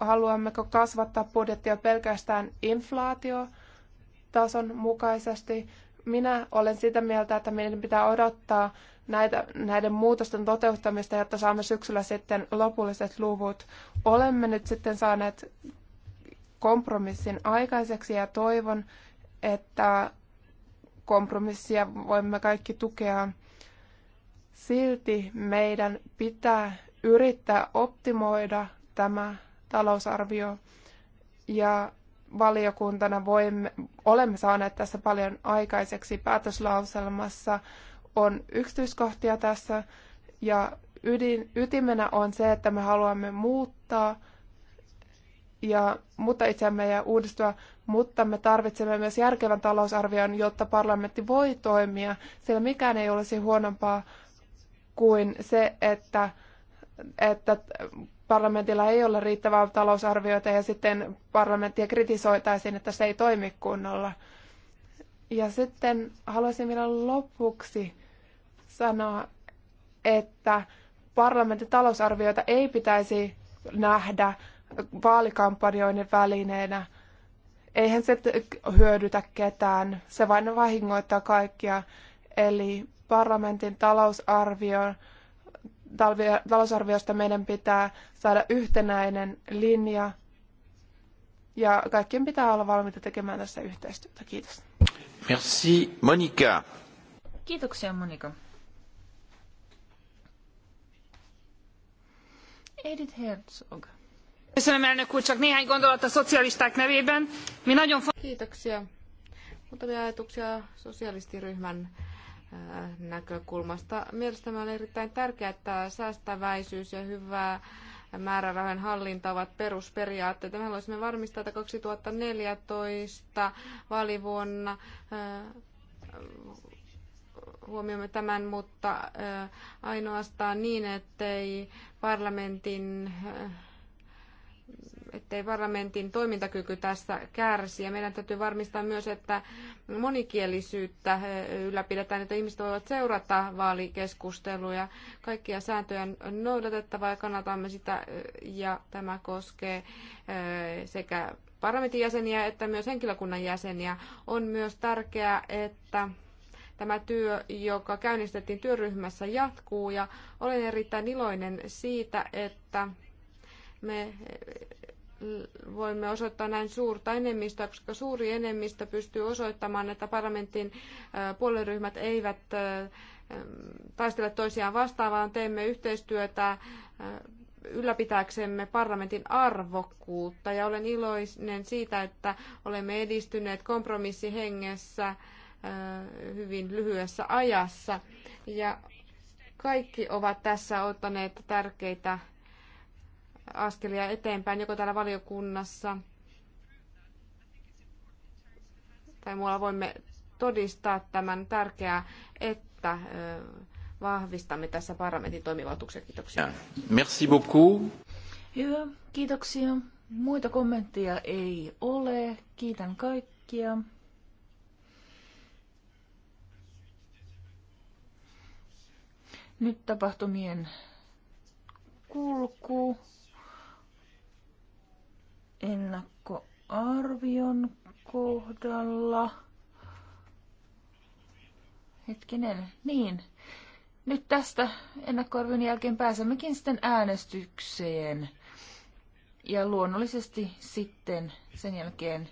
haluammeko kasvattaa budjettia pelkästään inflaatiotason mukaisesti. Minä olen sitä mieltä, että meidän pitää odottaa näitä, näiden muutosten toteuttamista, jotta saamme syksyllä sitten lopulliset luvut. Olemme nyt sitten saaneet kompromissin aikaiseksi ja toivon, että kompromissia voimme kaikki tukea. Silti meidän pitää yrittää optimoida tämä talousarvio ja valiokuntana voimme, olemme saaneet tässä paljon aikaiseksi. Päätöslauselmassa on yksityiskohtia tässä ja ydin, ytimenä on se, että me haluamme muuttaa – ja, mutta itseämme ja uudistua, mutta me tarvitsemme myös järkevän talousarvion, jotta parlamentti voi toimia, sillä mikään ei olisi huonompaa kuin se, että, että parlamentilla ei ole riittävää talousarviota ja sitten parlamenttia kritisoitaisiin, että se ei toimi kunnolla. Ja sitten haluaisin vielä lopuksi sanoa, että parlamentin talousarvioita ei pitäisi nähdä vaalikampanjoiden välineenä. Eihän se hyödytä ketään, se vain vahingoittaa kaikkia. Eli parlamentin talousarvio, talousarviosta meidän pitää saada yhtenäinen linja ja kaikkien pitää olla valmiita tekemään tässä yhteistyötä. Kiitos. Merci Monika. Kiitoksia Monika. Edith Herzog. Köszönöm, elnök úr, csak néhány gondolat a szocialisták nevében. Mi nagyon Kiitoksia. Muutamia ajatuksia sosialistiryhmän eh, näkökulmasta. Mielestäni on erittäin tärkeää, että säästäväisyys ja hyvää määrärahojen hallinta ovat perusperiaatteet. Me haluaisimme varmistaa, että 2014 vaalivuonna eh, huomioimme tämän, mutta eh, ainoastaan niin, ettei parlamentin ettei parlamentin toimintakyky tässä kärsi. Ja meidän täytyy varmistaa myös, että monikielisyyttä eh, ylläpidetään, että ihmiset voivat seurata vaalikeskusteluja. Kaikkia sääntöjä on noudatettava ja kannatamme sitä. Eh, ja tämä koskee eh, sekä parlamentin jäseniä että myös henkilökunnan jäseniä. On myös tärkeää, että tämä työ, joka käynnistettiin työryhmässä, jatkuu ja olen erittäin iloinen siitä, että me voimme osoittaa näin suurta enemmistöä, koska suuri enemmistö pystyy osoittamaan, että parlamentin puolueryhmät eivät taistele toisiaan vastaan, vaan teemme yhteistyötä ylläpitääksemme parlamentin arvokkuutta. Ja olen iloinen siitä, että olemme edistyneet kompromissihengessä hyvin lyhyessä ajassa. Ja kaikki ovat tässä ottaneet tärkeitä askelia eteenpäin, joko täällä valiokunnassa tai muualla voimme todistaa tämän tärkeää, että vahvistamme tässä parlamentin toimivaltuuksia. Kiitoksia. Merci beaucoup. Hyvä, kiitoksia. Muita kommentteja ei ole. Kiitän kaikkia. Nyt tapahtumien kulku ennakkoarvion kohdalla. Hetkinen, niin. Nyt tästä ennakkoarvion jälkeen pääsemmekin sitten äänestykseen. Ja luonnollisesti sitten sen jälkeen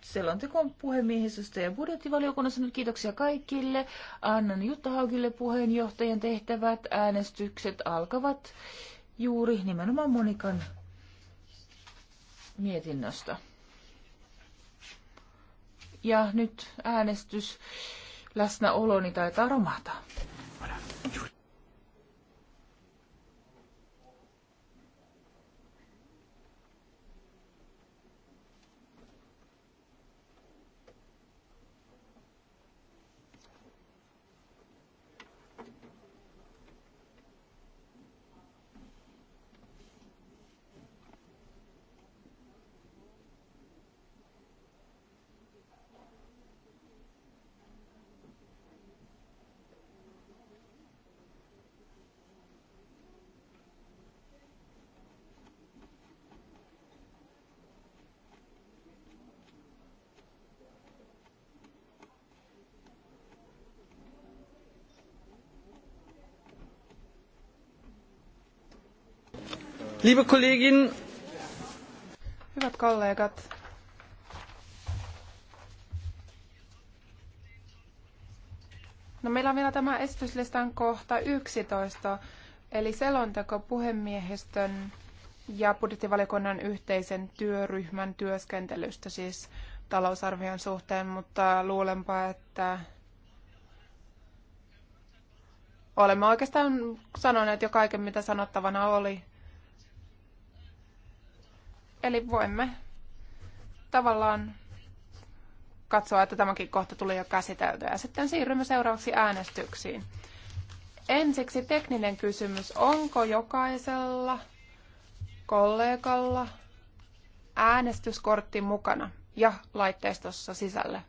selontekoon puhemiehistöstä ja budjettivaliokunnassa. Nyt kiitoksia kaikille. Annan Jutta Haukille puheenjohtajan tehtävät. Äänestykset alkavat juuri nimenomaan Monikan mietinnöstä. Ja nyt äänestys läsnäoloni taitaa romahtaa. Liebe Kolleginnen, Hyvät kollegat. No meillä on vielä tämä esityslistan kohta 11, eli selonteko puhemiehistön ja budjettivaliokunnan yhteisen työryhmän työskentelystä siis talousarvion suhteen, mutta luulenpa, että olemme oikeastaan sanoneet jo kaiken, mitä sanottavana oli Eli voimme tavallaan katsoa, että tämäkin kohta tuli jo käsitelty. Ja sitten siirrymme seuraavaksi äänestyksiin. Ensiksi tekninen kysymys. Onko jokaisella kollegalla äänestyskortti mukana ja laitteistossa sisällä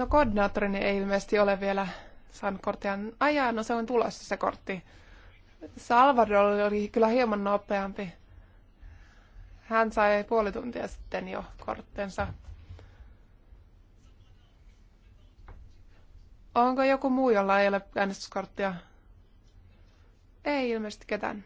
No koordinaattorini ei ilmeisesti ole vielä saanut korttia ajaa, no se on tulossa se kortti. Salvador oli kyllä hieman nopeampi. Hän sai puoli tuntia sitten jo korttensa. Onko joku muu, jolla ei ole äänestyskorttia? Ei ilmeisesti ketään.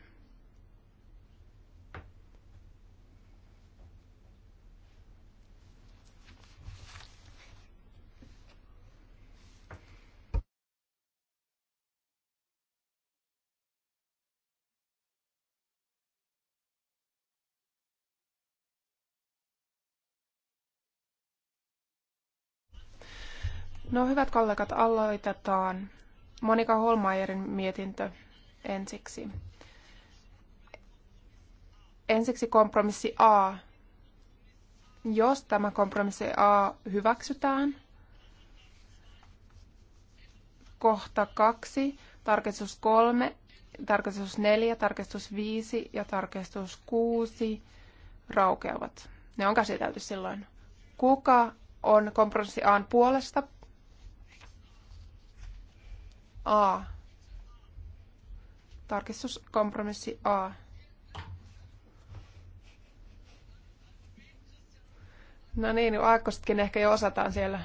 No hyvät kollegat, aloitetaan. Monika Holmaierin mietintö ensiksi. Ensiksi kompromissi A. Jos tämä kompromissi A hyväksytään, kohta 2, tarkistus 3, tarkistus 4, tarkistus 5 ja tarkistus 6 raukeavat. Ne on käsitelty silloin. Kuka on kompromissi A puolesta? A. Tarkistus kompromissi A. No niin, niin aakkosetkin ehkä jo osataan siellä.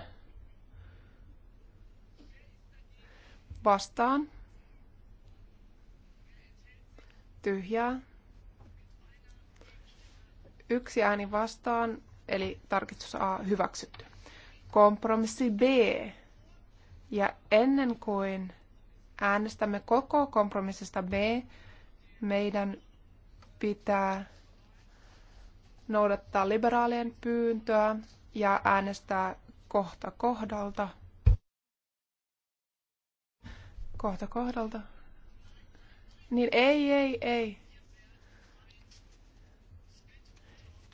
Vastaan. Tyhjää. Yksi ääni vastaan, eli tarkistus A hyväksytty. Kompromissi B. Ja ennen kuin äänestämme koko kompromissista B, meidän pitää noudattaa liberaalien pyyntöä ja äänestää kohta kohdalta. Kohta kohdalta. Niin ei, ei, ei.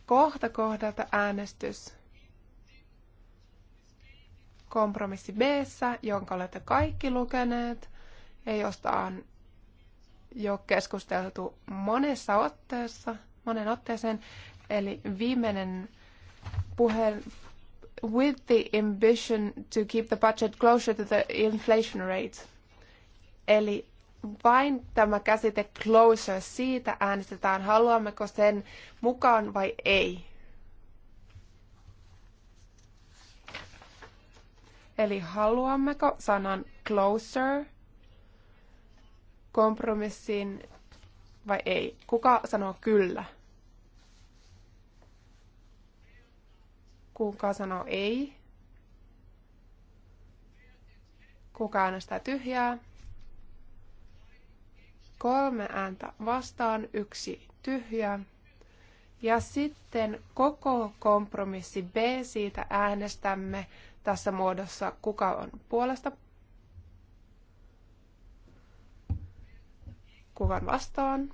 Kohta kohdalta äänestys. Kompromissi B, jonka olette kaikki lukeneet – josta on jo keskusteltu monessa otteessa, monen otteeseen. Eli viimeinen puhe, with the ambition to keep the budget closer to the inflation rate. Eli vain tämä käsite closer, siitä äänestetään, haluammeko sen mukaan vai ei. Eli haluammeko sanan closer – kompromissiin vai ei? Kuka sanoo kyllä? Kuka sanoo ei? Kuka äänestää tyhjää? Kolme ääntä vastaan, yksi tyhjä. Ja sitten koko kompromissi B, siitä äänestämme tässä muodossa, kuka on puolesta kuvan vastaan.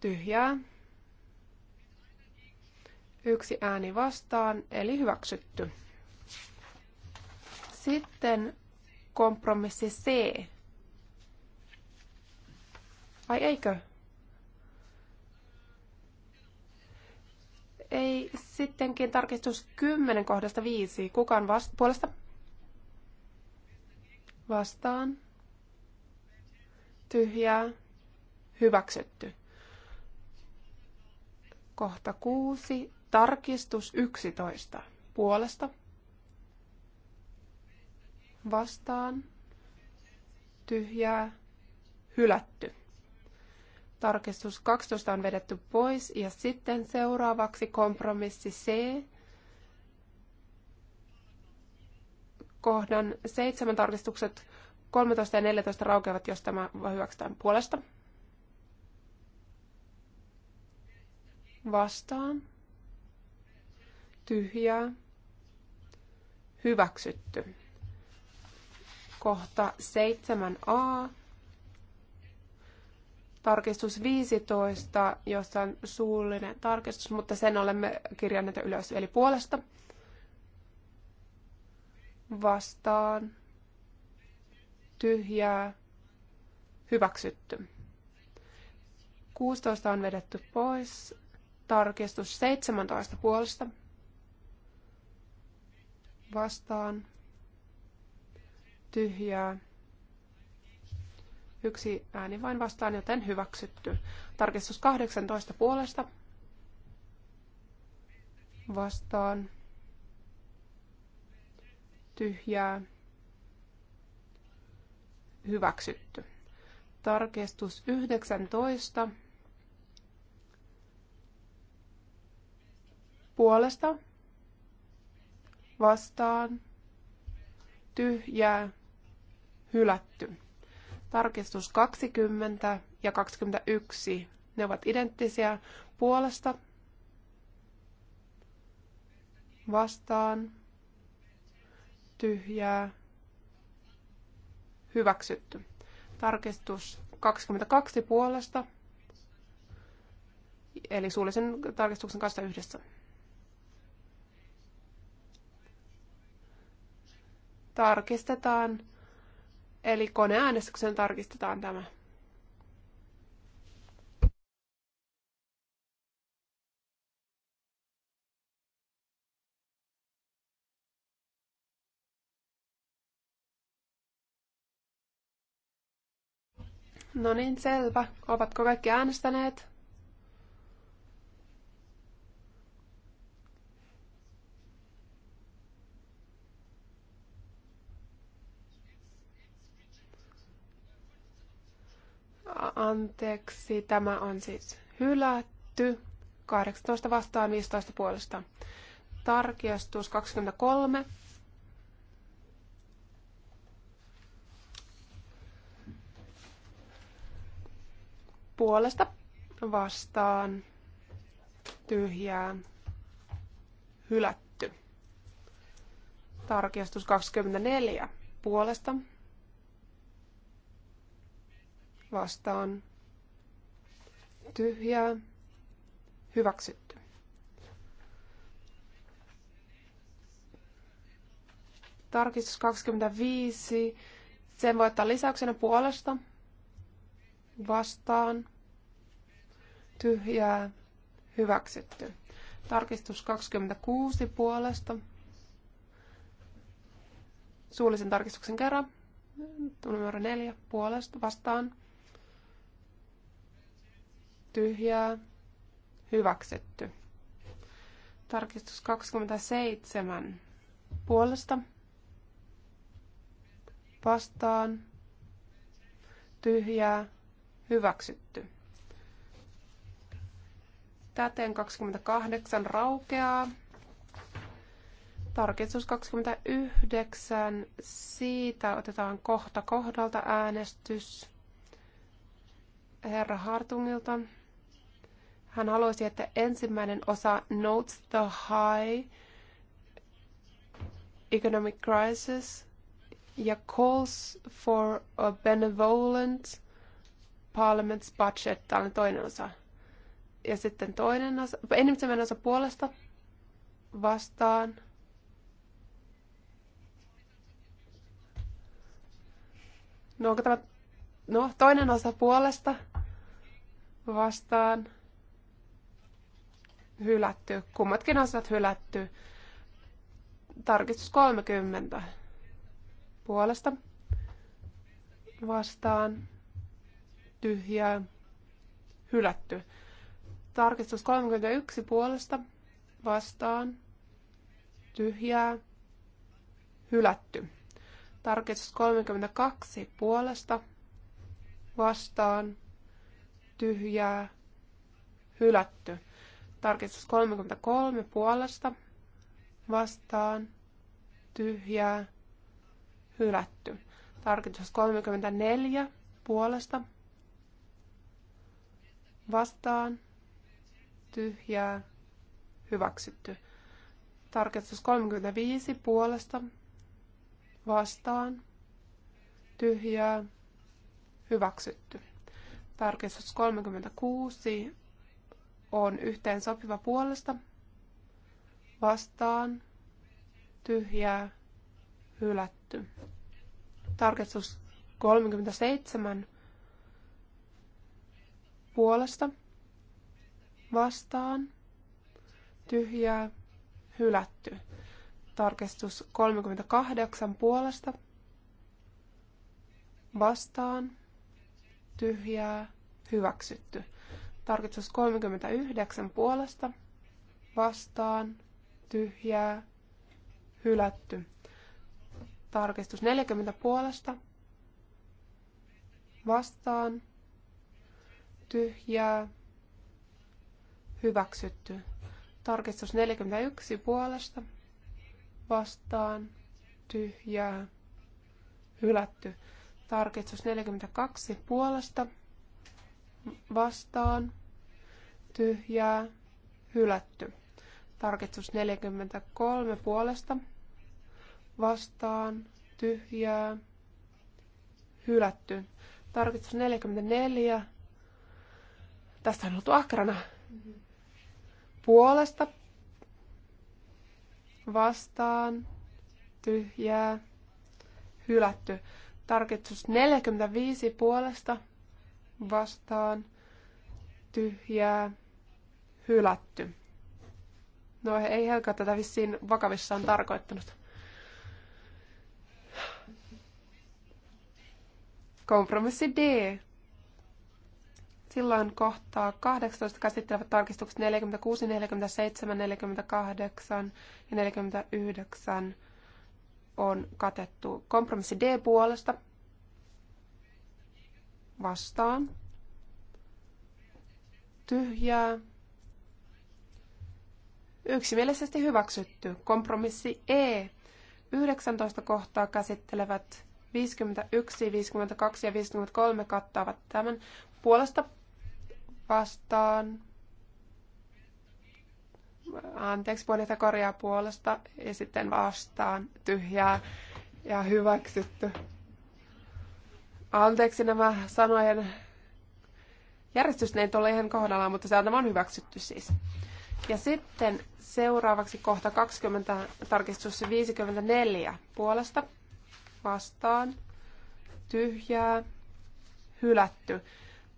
Tyhjää. Yksi ääni vastaan, eli hyväksytty. Sitten kompromissi C. Ai eikö? Ei sittenkin tarkistus 10 kohdasta 5. Kukaan vast- puolesta? Vastaan tyhjää, hyväksytty. Kohta kuusi, tarkistus yksitoista puolesta, vastaan, tyhjää, hylätty. Tarkistus 12 on vedetty pois ja sitten seuraavaksi kompromissi C, kohdan seitsemän tarkistukset 13 ja 14 raukeavat, jos tämä hyväksytään puolesta. Vastaan. Tyhjää. Hyväksytty. Kohta 7a. Tarkistus 15, jossa on suullinen tarkistus, mutta sen olemme kirjanneet ylös, eli puolesta. Vastaan tyhjää, hyväksytty. 16 on vedetty pois, tarkistus 17 puolesta vastaan, tyhjää, yksi ääni vain vastaan, joten hyväksytty. Tarkistus 18 puolesta vastaan, tyhjää, hyväksytty. Tarkistus 19 puolesta vastaan tyhjää hylätty. Tarkistus 20 ja 21, ne ovat identtisiä puolesta vastaan tyhjää Hyväksytty. Tarkistus 22 puolesta, eli suullisen tarkistuksen kanssa yhdessä. Tarkistetaan, eli koneäänestyksen tarkistetaan tämä. No niin, selvä. Ovatko kaikki äänestäneet? Anteeksi, tämä on siis hylätty. 18 vastaan 15 puolesta. Tarkistus 23 puolesta vastaan tyhjään hylätty. Tarkistus 24 puolesta vastaan tyhjää hyväksytty. Tarkistus 25. Sen voi ottaa lisäyksenä puolesta vastaan, tyhjää, hyväksytty. Tarkistus 26 puolesta. Suullisen tarkistuksen kerran. Numero 4 puolesta vastaan. Tyhjää. Hyväksytty. Tarkistus 27 puolesta. Vastaan. Tyhjää. Hyväksytty. Täten 28 raukeaa. Tarkistus 29. Siitä otetaan kohta kohdalta äänestys herra Hartungilta. Hän haluaisi, että ensimmäinen osa Notes the High Economic Crisis ja Calls for a Benevolent Parliament's Budget, tämä toinen osa. Ja sitten toinen osa, enimmäisen osa puolesta vastaan. No onko tämä, no toinen osa puolesta vastaan. Hylätty, kummatkin osat hylätty. Tarkistus 30 puolesta vastaan tyhjää, hylätty. Tarkistus 31 puolesta vastaan, tyhjää, hylätty. Tarkistus 32 puolesta vastaan, tyhjää, hylätty. Tarkistus 33 puolesta vastaan, tyhjää, hylätty. Tarkistus 34 puolesta vastaan, tyhjää, hyväksytty. Tarkistus 35 puolesta, vastaan, tyhjää, hyväksytty. Tarkistus 36 on yhteen sopiva puolesta, vastaan, tyhjää, hylätty. Tarkistus 37 puolesta vastaan tyhjää hylätty. Tarkistus 38 puolesta vastaan tyhjää hyväksytty. Tarkistus 39 puolesta vastaan tyhjää hylätty. Tarkistus 40 puolesta vastaan tyhjää, hyväksytty. Tarkistus 41 puolesta, vastaan, tyhjää, hylätty. Tarkistus 42 puolesta, vastaan, tyhjää, hylätty. Tarkistus 43 puolesta, vastaan, tyhjää, hylätty. Tarkistus 44 Tästä on oltu ahkerana puolesta vastaan tyhjää hylätty. Tarkistus 45 puolesta vastaan tyhjää hylätty. No ei Helka tätä vissiin vakavissaan tarkoittanut. Kompromissi D Silloin kohtaa 18 käsittelevät tarkistukset 46, 47, 48 ja 49 on katettu. Kompromissi D puolesta vastaan. Tyhjää. Yksimielisesti hyväksytty. Kompromissi E. 19 kohtaa käsittelevät 51, 52 ja 53 kattavat tämän puolesta vastaan. Anteeksi, puolesta korjaa puolesta ja sitten vastaan. Tyhjää ja hyväksytty. Anteeksi nämä sanojen järjestys ne ei ole ihan kohdallaan, mutta se on hyväksytty siis. Ja sitten seuraavaksi kohta 20, tarkistus 54 puolesta vastaan, tyhjää, hylätty.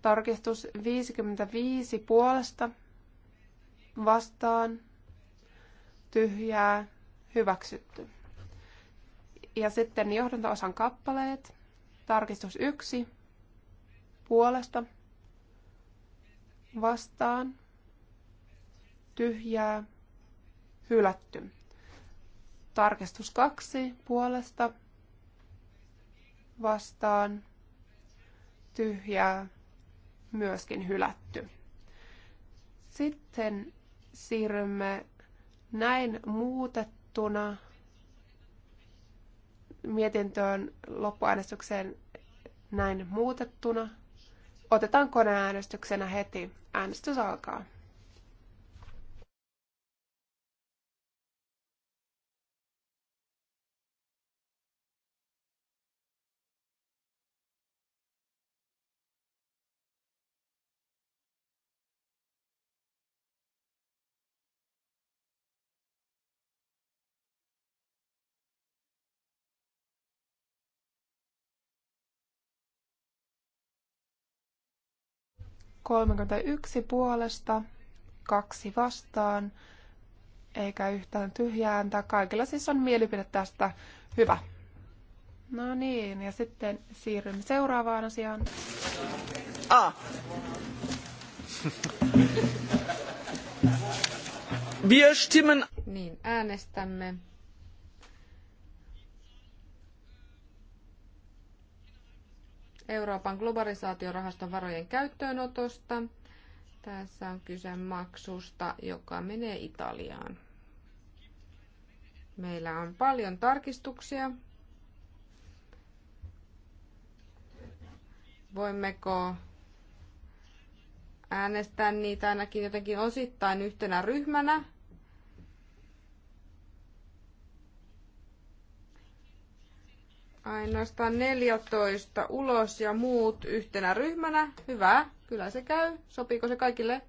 Tarkistus 55 puolesta vastaan tyhjää hyväksytty. Ja sitten johdantoosan kappaleet. Tarkistus 1 puolesta vastaan tyhjää hylätty. Tarkistus 2 puolesta vastaan tyhjää myöskin hylätty. Sitten siirrymme näin muutettuna mietintöön loppuäänestykseen näin muutettuna. Otetaan koneäänestyksenä heti. Äänestys alkaa. 31 puolesta, kaksi vastaan, eikä yhtään tyhjääntä. Kaikilla siis on mielipide tästä. Hyvä. No niin, ja sitten siirrymme seuraavaan asiaan. A. Wir stimmen. Niin, äänestämme Euroopan globalisaatiorahaston varojen käyttöönotosta. Tässä on kyse maksusta, joka menee Italiaan. Meillä on paljon tarkistuksia. Voimmeko äänestää niitä ainakin jotenkin osittain yhtenä ryhmänä? ainoastaan 14 ulos ja muut yhtenä ryhmänä. Hyvä, kyllä se käy. Sopiiko se kaikille?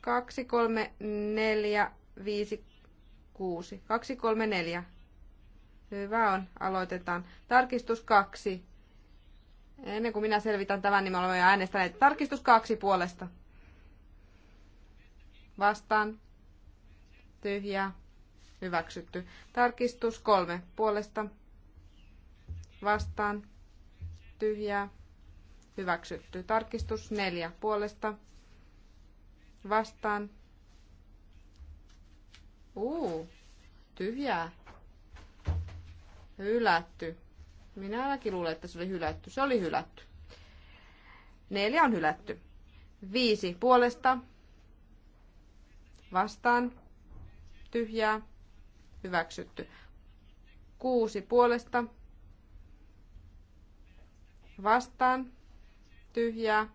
Kaksi, kolme, neljä, viisi, kuusi. Kaksi, kolme, neljä. Hyvä on, aloitetaan. Tarkistus kaksi. Ennen kuin minä selvitän tämän, niin me olemme jo äänestäneet. Tarkistus kaksi puolesta. Vastaan tyhjää, hyväksytty. Tarkistus kolme puolesta, vastaan, tyhjää, hyväksytty. Tarkistus neljä puolesta, vastaan, uu, tyhjää, hylätty. Minä ainakin luulen, että se oli hylätty. Se oli hylätty. Neljä on hylätty. Viisi puolesta. Vastaan tyhjää, hyväksytty. Kuusi puolesta, vastaan, tyhjää,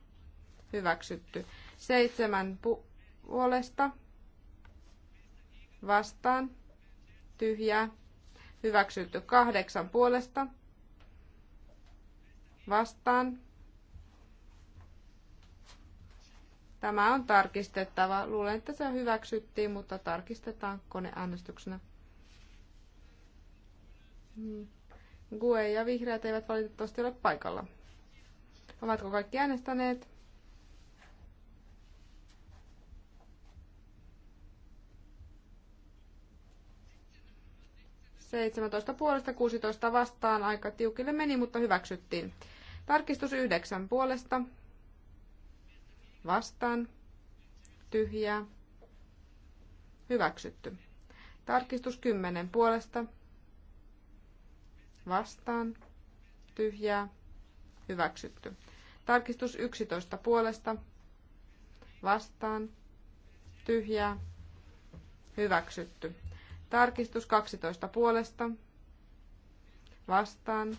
hyväksytty. Seitsemän pu- puolesta, vastaan, tyhjää, hyväksytty. Kahdeksan puolesta, vastaan, Tämä on tarkistettava. Luulen, että se hyväksyttiin, mutta tarkistetaan koneäänestyksenä. Hmm. GUE ja vihreät eivät valitettavasti ole paikalla. Ovatko kaikki äänestäneet? Seitsemäntoista puolesta 16 vastaan aika tiukille meni, mutta hyväksyttiin. Tarkistus yhdeksän puolesta vastaan, tyhjää, hyväksytty. Tarkistus 10 puolesta, vastaan, tyhjää, hyväksytty. Tarkistus 11 puolesta, vastaan, tyhjää, hyväksytty. Tarkistus 12 puolesta, vastaan,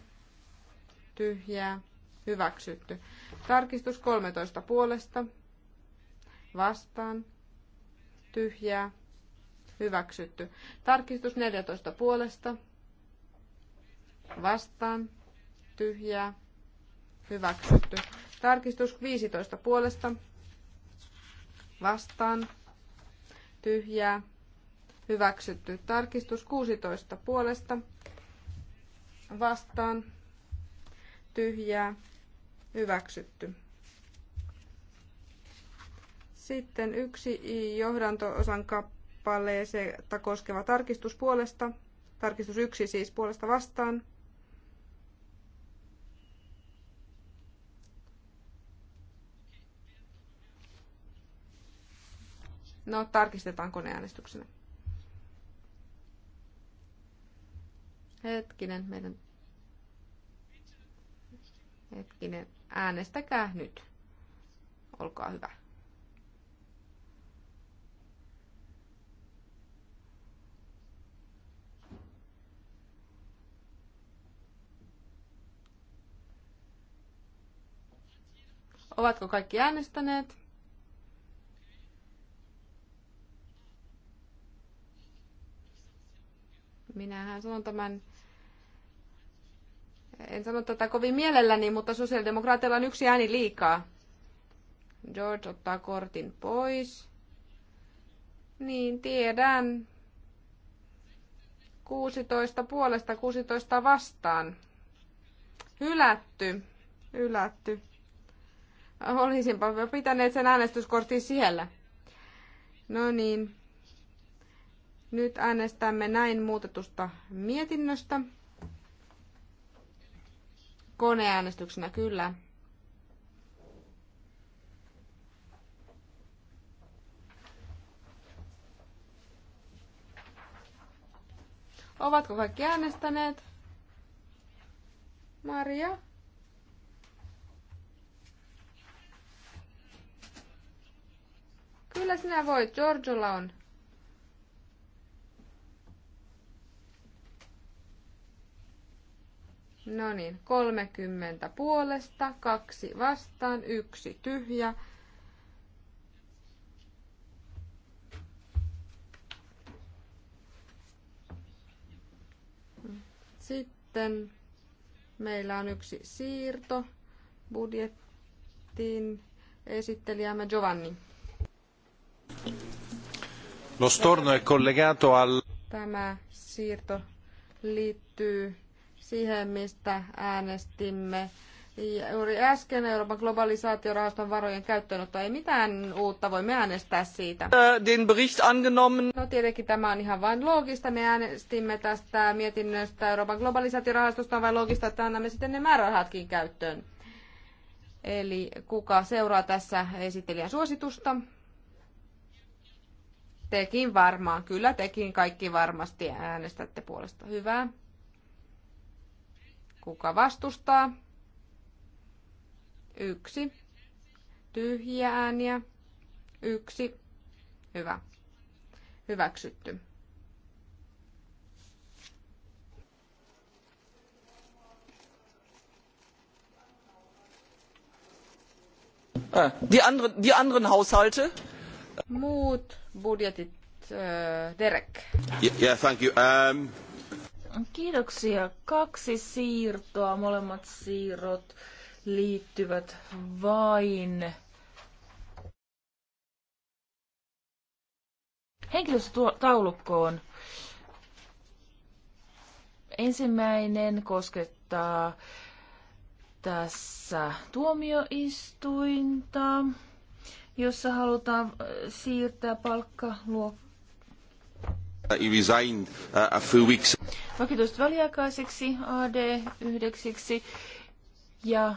tyhjää, hyväksytty. Tarkistus 13 puolesta, vastaan, tyhjää, hyväksytty. Tarkistus 14 puolesta, vastaan, tyhjää, hyväksytty. Tarkistus 15 puolesta, vastaan, tyhjää, hyväksytty. Tarkistus 16 puolesta, vastaan, tyhjää, hyväksytty. Sitten yksi johdanto-osan kappaleeseen koskeva tarkistus puolesta. Tarkistus yksi siis puolesta vastaan. No, tarkistetaan koneäänestyksenä. Hetkinen, meidän... Hetkinen, äänestäkää nyt. Olkaa hyvä. Ovatko kaikki äänestäneet? Minähän sanon tämän, en sano tätä kovin mielelläni, mutta sosiaalidemokraateilla on yksi ääni liikaa. George ottaa kortin pois. Niin, tiedän. 16 puolesta, 16 vastaan. Hylätty. Hylätty. Olisinpa pitäneet sen äänestyskortin siellä. No niin. Nyt äänestämme näin muutetusta mietinnöstä. Koneäänestyksenä kyllä. Ovatko kaikki äänestäneet? Maria? Kyllä sinä voit, Georgiolla on. No niin, 30 puolesta, kaksi vastaan, yksi tyhjä. Sitten meillä on yksi siirto budjettiin esittelijämme Giovanni. Lo storno è collegato al... Tämä siirto liittyy siihen, mistä äänestimme juuri äsken Euroopan globalisaatiorahaston varojen käyttöönotto. Ei mitään uutta, voimme äänestää siitä. Äh, den Bericht angenommen. No tietenkin tämä on ihan vain loogista. Me äänestimme tästä mietinnöstä Euroopan globalisaatiorahastosta on vain loogista, että annamme sitten ne määrärahatkin käyttöön. Eli kuka seuraa tässä esittelijän suositusta? Tekin varmaan, kyllä tekin kaikki varmasti äänestätte puolesta. Hyvä. Kuka vastustaa? Yksi. Tyhjiä ääniä. Yksi. Hyvä. Hyväksytty. Äh, die anderen, die anderen Haushalte? Muut budjetit, äh, Derek. Yeah, thank you. Um... Kiitoksia. Kaksi siirtoa. Molemmat siirrot liittyvät vain henkilöstötaulukkoon. Ensimmäinen koskettaa tässä tuomioistuinta jossa halutaan äh, siirtää palkkaluokka. resigned uh, väliaikaiseksi AD yhdeksäksi ja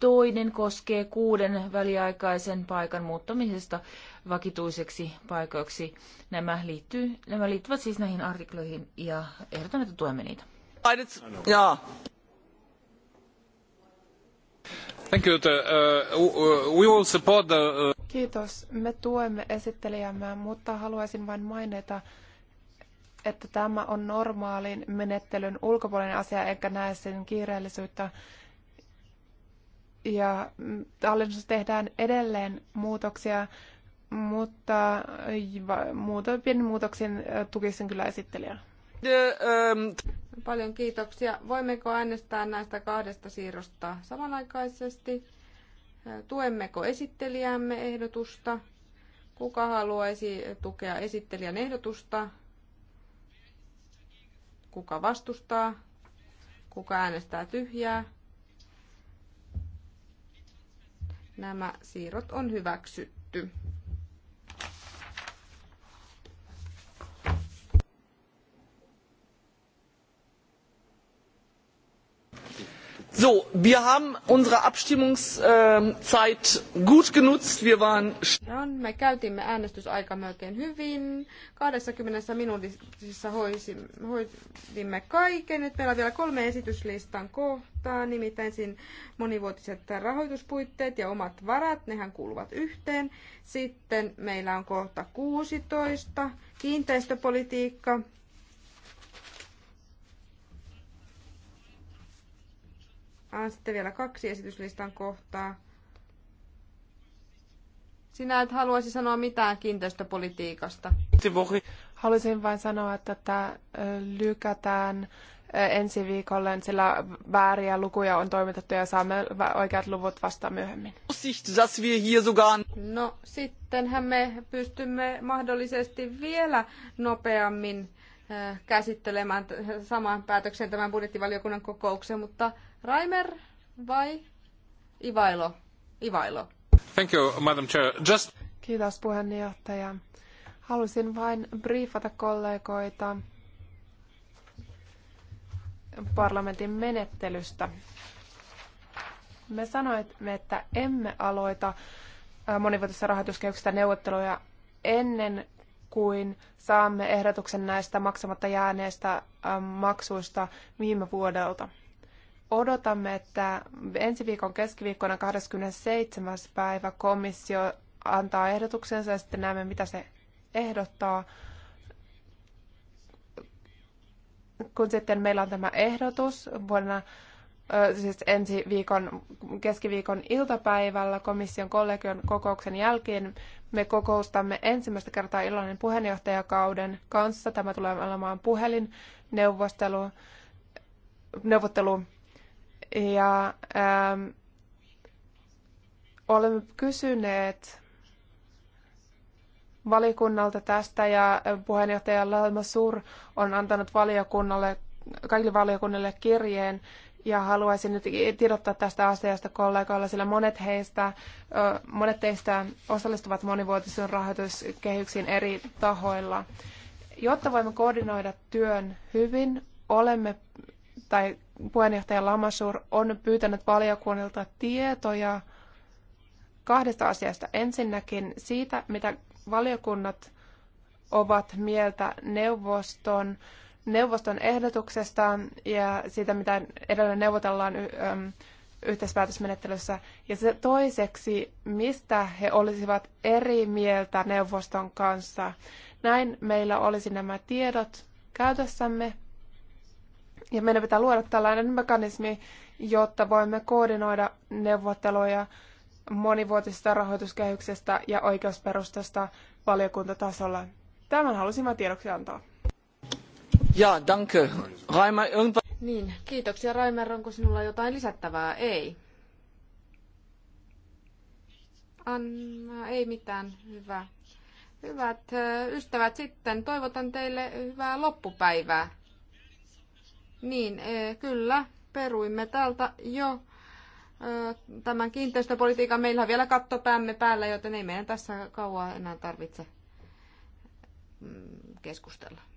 toinen koskee kuuden väliaikaisen paikan muuttamisesta vakituiseksi paikoiksi. Nämä, liittyy, nämä liittyvät siis näihin artikloihin ja ehdotan, että tuemme niitä. Jaa. Thank you. Uh, uh, we will support the... Uh, Kiitos. Me tuemme esittelijämme, mutta haluaisin vain mainita, että tämä on normaalin menettelyn ulkopuolinen asia, enkä näe sen kiireellisyyttä. Ja mm, hallinnossa tehdään edelleen muutoksia, mutta mm, muutoin pienin muutoksin äh, tukisin kyllä esittelijää. Um, Paljon kiitoksia. Voimmeko äänestää näistä kahdesta siirrosta samanaikaisesti? Tuemmeko esittelijämme ehdotusta? Kuka haluaisi tukea esittelijän ehdotusta? Kuka vastustaa? Kuka äänestää tyhjää? Nämä siirrot on hyväksytty. wir haben unsere Abstimmungszeit ähm, gut genutzt. Wir waren... me käytimme äänestysaikamme oikein hyvin. 20 minuutissa hoidimme kaiken. Nyt meillä on vielä kolme esityslistan kohtaa, nimittäin siinä monivuotiset rahoituspuitteet ja omat varat, nehän kuuluvat yhteen. Sitten meillä on kohta 16, kiinteistöpolitiikka, Sitten vielä kaksi esityslistan kohtaa. Sinä et haluaisi sanoa mitään kiinteistöpolitiikasta. Haluaisin vain sanoa, että tämä lykätään ensi viikolle, sillä vääriä lukuja on toimitettu ja saamme oikeat luvut vasta myöhemmin. No sittenhän me pystymme mahdollisesti vielä nopeammin käsittelemään saman päätöksen tämän budjettivaliokunnan kokouksen, mutta Raimer vai Ivailo? Ivailo. Thank you, Madam Chair. Just... Kiitos puheenjohtaja. Halusin vain briefata kollegoita parlamentin menettelystä. Me sanoimme, että emme aloita monivuotisessa rahoituskehyksestä neuvotteluja ennen kuin saamme ehdotuksen näistä maksamatta jääneistä maksuista viime vuodelta odotamme, että ensi viikon keskiviikkona 27. päivä komissio antaa ehdotuksensa ja sitten näemme, mitä se ehdottaa. Kun sitten meillä on tämä ehdotus vuonna siis ensi viikon keskiviikon iltapäivällä komission kollegion kokouksen jälkeen me kokoustamme ensimmäistä kertaa Irlannin puheenjohtajakauden kanssa. Tämä tulee olemaan puhelinneuvottelu neuvottelu ja ähm, olemme kysyneet valiokunnalta tästä ja puheenjohtaja Laima Sur on antanut valiokunnalle, kaikille valiokunnille kirjeen ja haluaisin nyt tiedottaa tästä asiasta kollegoilla, sillä monet heistä, monet teistä osallistuvat monivuotisen rahoituskehyksiin eri tahoilla. Jotta voimme koordinoida työn hyvin, olemme tai puheenjohtaja Lamasur on pyytänyt valiokunnilta tietoja kahdesta asiasta. Ensinnäkin siitä, mitä valiokunnat ovat mieltä neuvoston, neuvoston ehdotuksesta ja siitä, mitä edelleen neuvotellaan yhteispäätösmenettelyssä. Ja se toiseksi, mistä he olisivat eri mieltä neuvoston kanssa. Näin meillä olisi nämä tiedot käytössämme ja meidän pitää luoda tällainen mekanismi, jotta voimme koordinoida neuvotteluja monivuotisesta rahoituskehyksestä ja oikeusperustasta valiokuntatasolla. Tämän halusin vain tiedoksi antaa. Ja, danke. Raima, irgendwa... Niin, kiitoksia Raimer. Onko sinulla jotain lisättävää? Ei. Anna, ei mitään. Hyvä. Hyvät ystävät, sitten toivotan teille hyvää loppupäivää. Niin, e, kyllä, peruimme täältä jo e, tämän kiinteistöpolitiikan. Meillä on vielä katto päämme päällä, joten ei meidän tässä kauan enää tarvitse mm, keskustella.